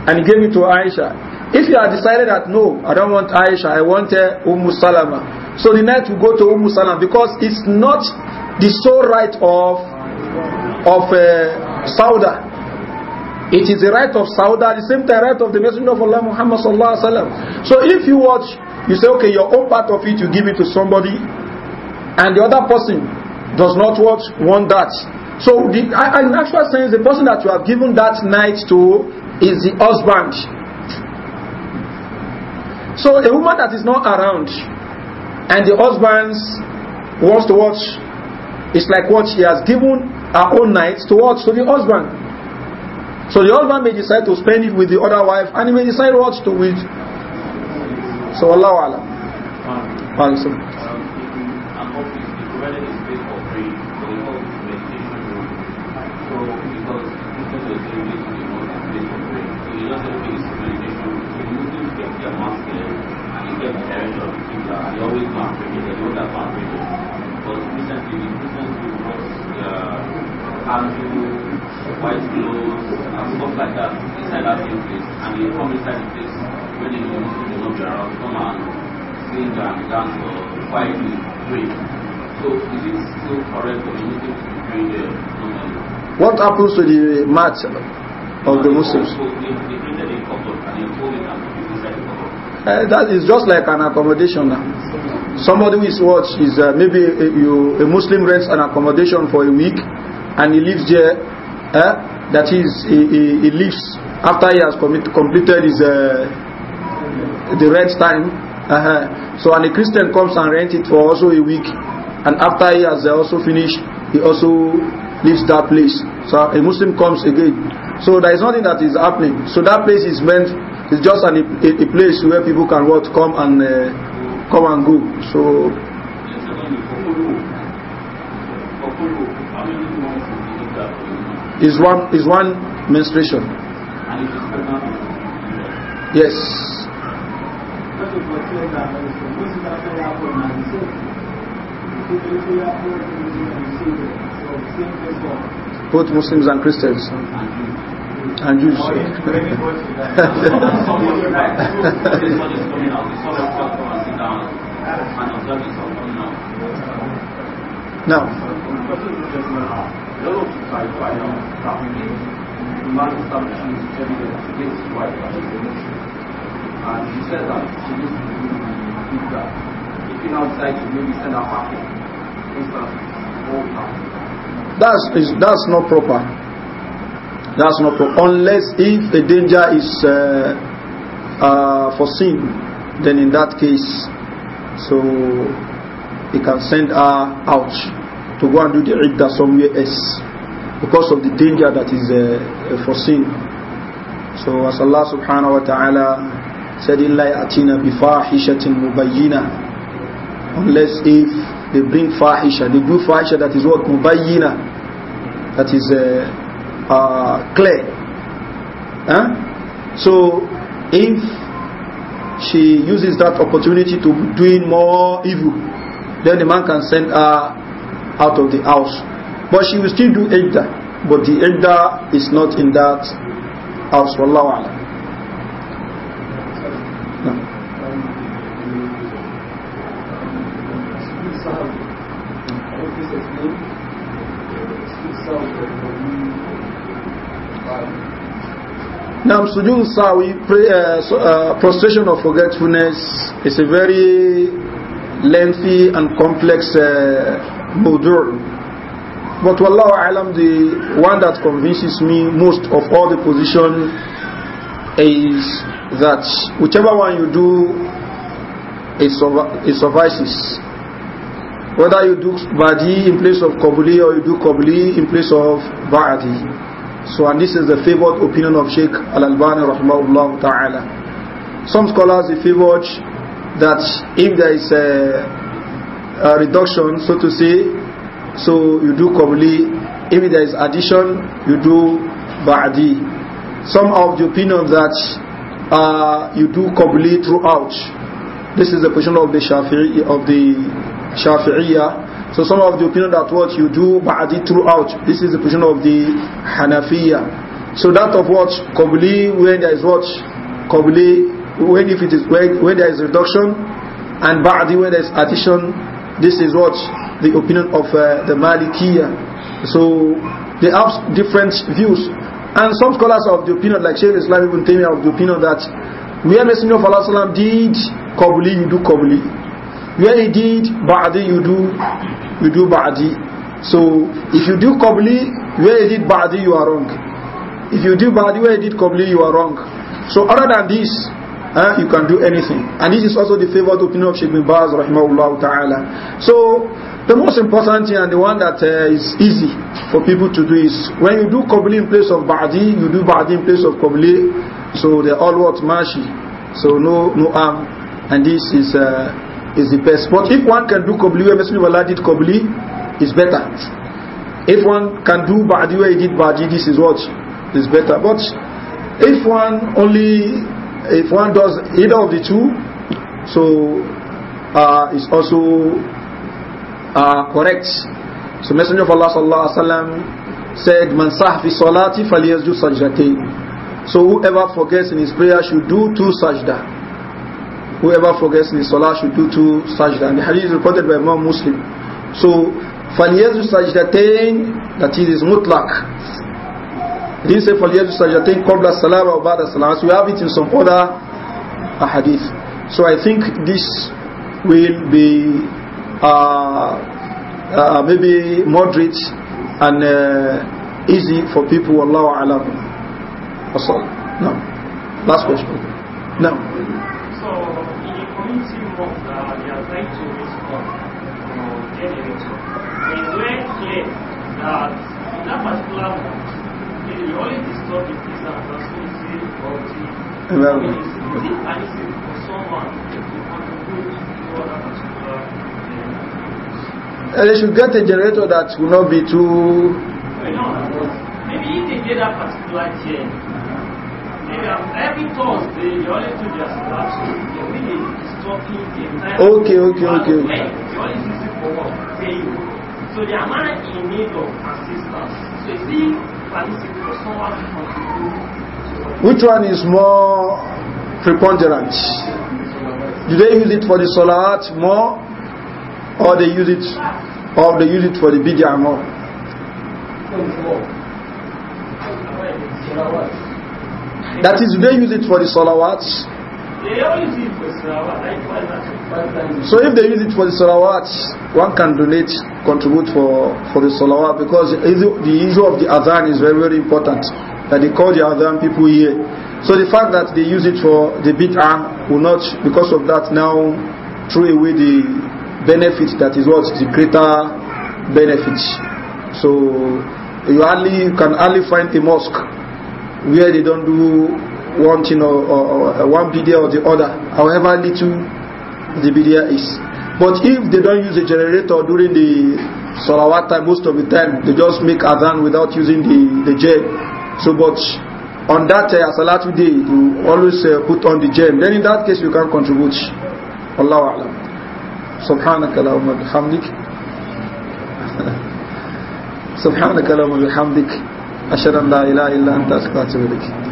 and give it to Aisha. If you have decided that no, I don't want Aisha, I want uh, Umm Salama. So the night will go to Umm Salama because it's not the sole right of of uh, Sauda it is the right of Sauda, the same time right of the Messenger of Allah Muhammad sallallahu alaihi wasallam. So if you watch, you say, okay, your own part of it, you give it to somebody, and the other person does not watch, want that. So the, in actual sense, the person that you have given that night to is the husband. So a woman that is not around, and the husband wants to watch, it's like what she has given her own night to watch to the husband. So the husband may decide to spend it with the other wife and he may decide what to with. So Allah ah. wa Allah. Um, clothes, like that around, come and sing and dance or quietly So is it still correct for to What happens to the match of the Muslims? Uh, that is just like an accommodation Somebody who is what is uh, maybe a, you, a Muslim rents an accommodation for a week and he lives there eh, that is he, he, he leaves after he has commit, completed his uh, the rent time uh -huh. so and a Christian comes and rent it for also a week and after he has also finished he also leaves that place so a Muslim comes again so there is nothing that is happening so that place is meant it's just an, a, a place where people can what come and uh, come and go so is one is one menstruation. Yes. Both Muslims and Christians and Jews. now. And she said that she needs to do that. If you now decide to maybe send her packing, all that's, is, that's not proper. That's not proper. Unless if the danger is uh, uh, foreseen, then in that case, so he can send her out to go and do the idda somewhere else because of the danger that is uh, uh foreseen. So as Allah subhanahu wa ta'ala said, "In إِلَّا يَأْتِينَ بِفَاحِشَةٍ mubayyina Unless if they bring fahisha, they do fahisha that is what? Mubayyina. That is uh, uh, clear. Huh? So if she uses that opportunity to doing more evil, then the man can send her out of the house. But she will still do iddah. But the iddah is not in that house. Wallahu alam. No. Now, sujood sawi, uh, uh, prostration of forgetfulness, is a very lengthy and complex uh, Mudur. But Wallahu Alam, the one that convinces me most of all the position is that whichever one you do, it, suffices. Whether you do Badi in place of Kabuli or you do Kabuli in place of Ba'adi. So and this is the favored opinion of Sheikh Al-Albani rahimahullah ta'ala. Some scholars watch, that if there is a uh, reduction, so to say, so you do Qabli. If there is addition, you do Ba'di. Some of the opinion that uh, you do Qabli throughout. This is the position of the Shafi'i, of the Shafi'iyah. So some of the opinion that what you do Ba'di throughout. This is the position of the Hanafiya. So that of what Qabli, when there is what Qabli, when if it is when, when there is reduction, and Ba'di when there is addition, this is what the opinion of uh, the Malikiya. So they have different views. And some scholars of the opinion, like Shaykh Islam Ibn Taymiyyah, of the opinion that where Messenger of Allah did Qabli, you do Qabli. Where he did Ba'di, you do, you do Ba'di. So if you do Qabli, where he did Ba'di, you are wrong. If you do Ba'di, where he did Qabli, you are wrong. So other than this, uh, you can do anything. And this is also the favorite opinion of Sheikh bin Baz, rahimahullah ta'ala. So, the most important thing and the one that uh, is easy for people to do is, when you do Qabli in place of Ba'di, you do Ba'di in place of Qabli, so they all work Mashi. So, no, no arm. And this is, uh, is the best. But if one can do Qabli where Messenger of Allah did Qabli, it's better. If one can do Ba'di where he did Ba'di, this is what is It's better. But if one only if one does either of the two, so uh, it's also uh, correct. So Messenger of Allah sallallahu alaihi wasallam said, "Man sahfi salati falyasjud sajdatayn." So whoever forgets in his prayer should do two sajda. Whoever forgets in his salah should do two sajda. And the hadith is reported by Imam Muslim. So falyasjud sajdatayn that is mutlaq. He did for say فَلْيَجُ سَجَّتَيْنِ قَبْلَ السَّلَامَ وَبَعْدَ السَّلَامَ. So we have it in some other hadith. So I think this will be uh, uh, maybe moderate and uh, easy for people. Allah alam. Asal. No. Last question. No. So in the community work, uh, are trying to respond that in that particular and well, and they should get a generator that will not be too. Maybe if they get that particular chair, um, every Thursday they only do their stuff, they really stopping the entire. Okay, okay, okay. okay. They use it for what? So they are not in need of assistance. So you see, which one is more preponderant? Do they use it for the salat more or they use it or they use it for the bidya more? That is, they use it for the salawats So if they use it for the salawat, one can donate, contribute for, for the salawat because the issue of the adhan is very, very important. That they call the adhan people here. So the fact that they use it for the bid'ah will not, because of that, now throw away the benefit that is what? The greater benefit. So you, only, you can only find a mosque where they don't do one thing or, or, or uh, one bidia or the other, however little the bidia is. But if they don't use the generator during the salawat time, most of the time they just make adhan without using the the jam. So, but on that uh, salatu day, you always uh, put on the jam. Then in that case, you can contribute. Allahu Akbar. سبحانك اللهم وبحمدك سبحانك اللهم وبحمدك أشهد أن لا إله إلا أنت أستغفرك